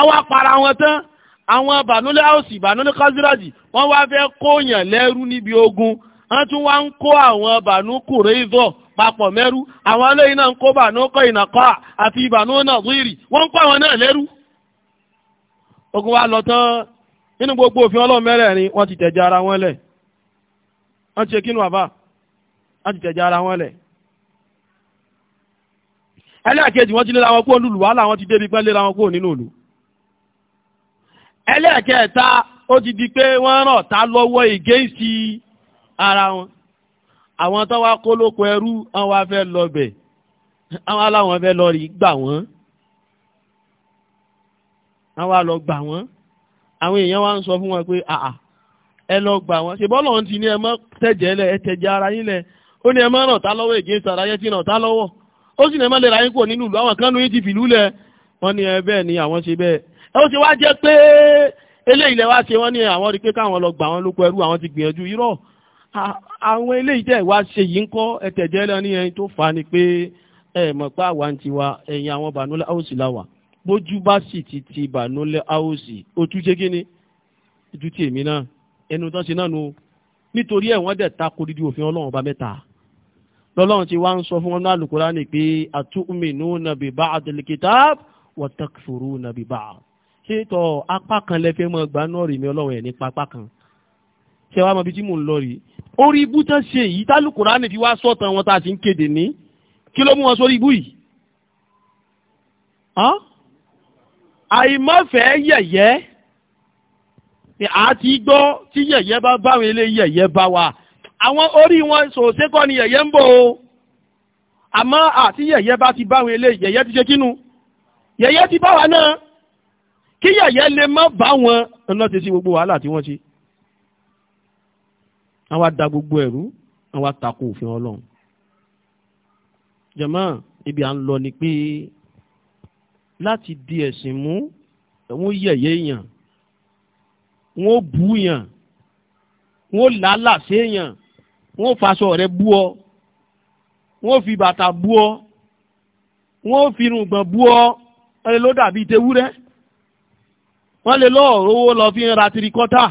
[SPEAKER 1] àwọn para wọn tán àwọn bànúlẹ̀ àwòsì wọn wá kóyàn níbi ogun wọ́n tún wá ń kó àwọn bànú kùrẹ́ìzọ̀ papọ̀ mẹ́rú àwọn náà ń kó bànú kọ́ àti àwọn náà lẹ́rú. ogun wa lọ tán gbogbo òfin wọ́n ti ara wọn ẹlẹ́ẹ̀kejì wọ́n ti léra wọn kúrò nílùú wàhálà wọn ti débi pẹ́ léra wọn kúrò nínú ìlú ẹlẹ́ẹ̀kẹta ó ti di pé wọ́n ràn ta lọ́wọ́ ìgéǹsì ara wọn àwọn tó wá kó lóko ẹrú àwọn wá fẹ́ lọ bẹ̀ àwọn aláwọn fẹ́ lọ rí gbà wọ́n àwọn wá lọ gbà wọ́n àwọn èèyàn wá ń sọ fún wọn pé àà ẹ lọ gbà wọ́n ṣe bọ́ọ̀lù ọ̀hún ti ní ẹ mọ́ tẹ̀jẹ̀ lẹ̀ ẹ tẹ̀jẹ̀ ara yín lẹ̀ ó ní ẹ mọ́ ràn ta lọ́wọ́ ìgéǹsì ó sì lẹ́mọ́ lera yín kò nínú ìlú àwọn kan nu ti fìlú lẹ̀ wọ́n ní ẹ bẹ́ẹ̀ ni àwọn ṣe bẹ́ẹ̀ ẹ ó ṣe wá jẹ́ pé eléyìí lẹ wá ṣe wọ́n ní àwọn rí pé káwọn lọ gbà wọn lóko ẹrú àwọn ti gbìyànjú irọ́ àwọn eléyìí tẹ̀ wá ṣe yìí ń kọ́ ẹ̀tẹ̀jẹ́ lẹ́ni ẹni tó fà á ni pé ẹ mọ̀ pé àwa ń tiwa ẹ̀yìn àwọn bànúlẹ̀ áwòsì la wà bójú bá sì ti ti bànúlẹ̀ áwòsì ó tún ṣe kíni ojú ti èmi náà ẹnu tán ṣe náà nu nítorí ẹ̀ wọ́n dẹ̀ ta korídi òfin ọlọ́run ọba mẹ́ta lọ́lọ́run ti wá ń sọ fún wọn náà Al-Qur'ani pé atu'minuna bi ba'dil kitab wa takfuruna bi ba'd ṣé tọ́ apá kan lẹ́fẹ́ mọ́ gbà náà rí mi ọlọ́run ẹ̀ nípa apá kan ṣé wàá mọ ibi tí mò ń lọ rí orí ibú tán ṣe yìí tí Al-Qur'ani fi wá sọ̀tàn wọn tá a ti ń kéde ní kí ló mú wọn sórí ibú yìí àìmọ́fẹ́ yẹ̀yẹ́ àti gbọ́ tí yẹ̀yẹ́ bá báwọn eléyìí yẹ̀yẹ́ bá wa àwọn orí wọn sòsé kọ́ ni yẹ̀yẹ́ ń bọ̀ o àmọ́ àti yẹ̀yẹ́ bá ti báwọn eléyìí yẹ̀yẹ́ ti ṣe kínú yẹ̀yẹ́ ti bá wa náà kí yẹ̀yẹ́ lè má bá wọn ọ̀nà ti sí gbogbo wàhálà tí wọ́n ṣe àwọn ada gbogbo ẹ̀rú àwọn atakò òfin ọlọ́run jẹ̀mọ́ ibi à ń lọ ni pé láti di ẹ̀sìn mú wọ́n yẹ̀yẹ́ èèyàn wọ́n bú èèyàn wọ́n làálàá sí èèyàn wọ́n faṣọ rẹ bú ọ wọ́n fi bàtà bú ọ wọ́n fi irùngbọ̀n bú ọ wọ́n lè ló dàbí tewúrẹ́ wọ́n lè lọ rówó lọ fi ra tirikọ́tà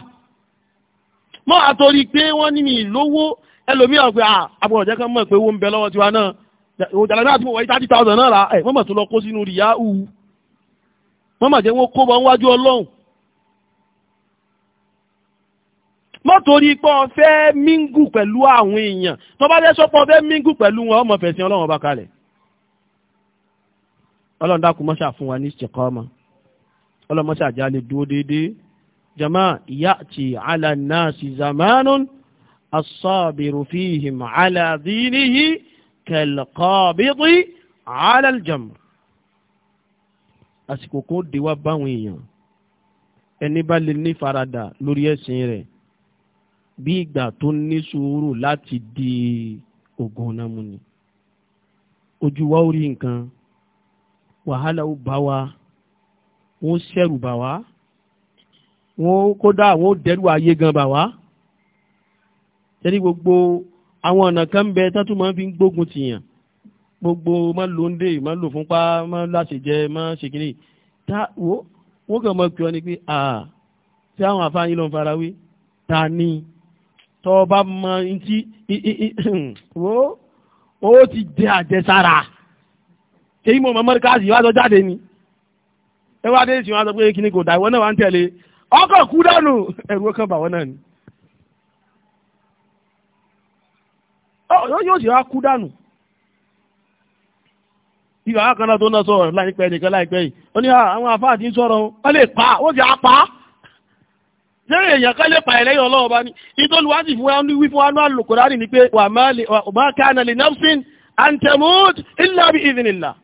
[SPEAKER 1] mọ́ àtòrí pé wọ́n ní mi lówó ẹlòmíràn pé à jẹ́ kán mọ̀ pé owó ń bẹ lọ́wọ́ tiwa náà òjàlá náà ti wọ̀ thirty thousand náírà ẹ̀ mọ́mọ̀ tó lọ kó sínú rìyá ù mọ́mọ̀ jẹ́ wọ́n kó bọ́ níwájú ọlọ́run mọ́ torí pé ọ fẹ́ míngù pẹ̀lú àwọn èèyàn tó bá jẹ́ sọ́pọ̀ fẹ́ míngù pẹ̀lú wọn ọmọ fẹ̀sìn ọlọ́run ọba kalẹ̀ ọlọ́run dákun mọ́ṣà fún wa ní istiqama ọlọ́run mọ́ṣà já lè dúró déédéé jama ya'ti ala nasi zamanun as-sabiru fihim ala dinihi kal-qabidi ala al àsìkò kó dé wá báwọn èèyàn ẹni bá lè ní farada lórí ẹ̀sìn rẹ̀ bí ìgbà tó ní sùúrù láti di oògùn ọ̀nà mu ni ojú wa ó rí nǹkan wàhálà ó bá wa wọ́n ṣẹ̀rù bà wá wọ́n kódà wọ́n dẹ́rù ayé gan bà wá tẹ́lí gbogbo àwọn ọ̀nà kan bẹ tátú máa fi ń gbógun tìyàn gbogbo má ló ń dè má lò fúnpá má láṣejẹ má ṣèkìlì tá wọ́n kàn mọ́ kí ọ ni pé à tí àwọn àfáàyín ló farawé ta ni tó mọ ntí wo ó ti jẹ àjẹsára èyí mo mọ mọ́ríkàsì wá sọ jáde ni ẹ wá dé ìsìn wá sọ pé kíní kò dá ìwọ náà wá ń tẹ̀lé ọkọ̀ kú dànù ẹ̀rù ọkàn bàwọ́ náà ni. yóò sì wá kú dànù ìgbà kan náà tó ń lọ sọ̀rọ̀ láìpẹ́ nìkan láìpẹ́ yìí ó ní ah, àwọn àfáà ń sọ̀rọ̀ ó lè pa ó sì á pa á ṣé èèyàn kan lè pa ẹ̀lẹ́yìn ọlọ́run bá ní ìtọ́lùwá sì fún wa ní wípé wọn lò kó dárì ni pé wà má kánà lè nafsin an tamut illa bi idhnillah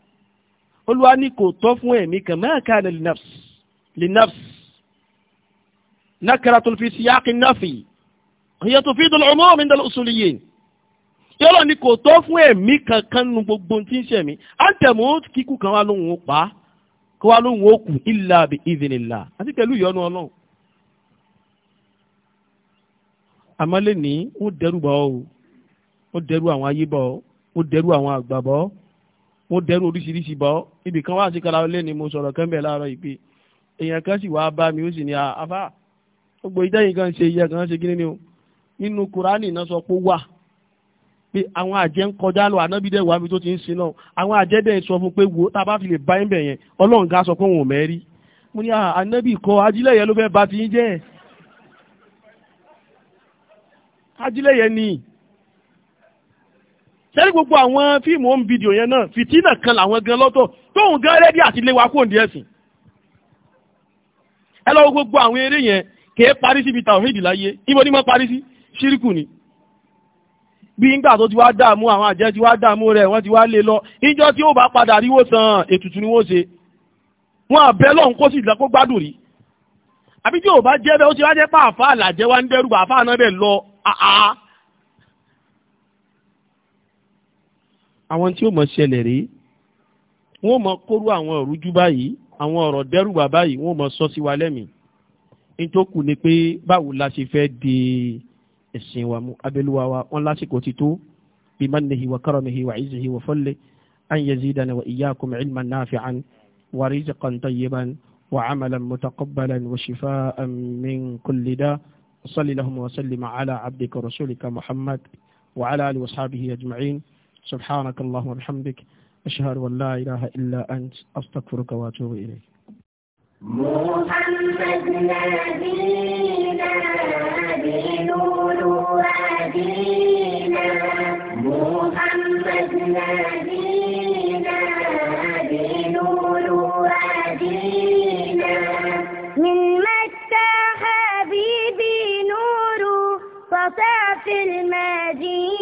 [SPEAKER 1] olúwa ní kò tọ́ fún ẹ̀mí kan má kánà lè nafs lè nafs nakratun fi siyaqi nafi hiya tufidu al-umum inda al-usuliyyin yọ́lọ̀ ni kò tọ́ fún ẹ̀mí kankan nu gbogbo tí ń ṣẹ̀mí an tamut kíkú kan wá lóhùn ó pa kó wá lóhùn ó kù illa bi idhnillah àti pẹ̀lú ìyọnu ọlọ́run àmọ́ lè ní wọ́n dẹ́rù bọ́ o wọ́n dẹ́rù àwọn ayé bọ́ wọ́n dẹ́rù àwọn àgbà bọ́ wọ́n dẹ́rù oríṣiríṣi bọ́ ibì kan wá sí kala lé ní mo sọ̀rọ̀ kẹ́ńbẹ̀ láàárọ̀ ìpè èèyàn kan sì wáá bá mi ó sì ní afá gbogbo ìdáyìn kan ṣe iye kan ṣe kí ni o nínú Kùránì náà sọ pé wà pé àwọn àjẹ́ ń kọjá lọ ànábì dẹ̀ wàá mi tó ti ń sin náà àwọn àjẹ́ dẹ̀ sọ fún pé wo tá a bá fi lè bá ń bẹ̀ yẹn ọlọ́run sọ pé òun ò mẹ́rí mo ní ànábì kọ ajílẹ̀ yẹn ló fẹ́ ba ti ń jẹ́ ẹ̀ ajílẹ̀ yẹn ni sẹ́rí gbogbo àwọn fíìmù home video yẹn náà fìtínà kan làwọn gan lọ́tọ̀ tóun gan rẹ́dí àti léwa kó ní ẹ̀sìn ẹ lọ́wọ́ gbogbo àwọn eré yẹn kèé parí síbi tàwíìdì láyé ibo ni mo parí sí ṣíríkù ni bí nígbà tó ti wá dààmú àwọn àjẹ́ ti wá dààmú rẹ̀ wọ́n ti wá lé lọ níjọ́ tí ó bá padà ríwó san ètùtù ni wọ́n ṣe wọn àbẹ́ lọ́n kó sì lọ́kó gbádùn rí àbí tí ò bá jẹ́ bẹ́ẹ̀ ó ti wá jẹ́ pàáfà àlàjẹ́ wá ń dẹ́rù bàáfà náà bẹ́ẹ̀ lọ Ah, ah. àwọn tí ó mọ̀ ṣẹlẹ̀ rèé wọ́n mọ̀ kóró àwọn òrújú báyìí àwọn ọ̀rọ̀ dẹ́rùbà báyìí wọ́n mọ̀ sọ sí wa lẹ́mìí nítòkù ni pé báwo la ṣe fẹ́ di ẹ̀sìn wa mú abẹ́lúwa wa wọn lásìkò ti tó bí mannihi wa karamihi wa izzihi wa fọ́lẹ̀ an yazidana wa iyyakum ilman nafi'an wa rizqan tayyiban wa amalan mutaqabbalan wa shifaan min kulli da' وصلي لهم وسلم على عبدك ورسولك محمد وعلى آله وصحبه أجمعين سبحانك اللهم وبحمدك أشهد أن لا إله إلا أنت أستغفرك وأتوب إليك محمد نبينا بنور محمد نبينا في المدينة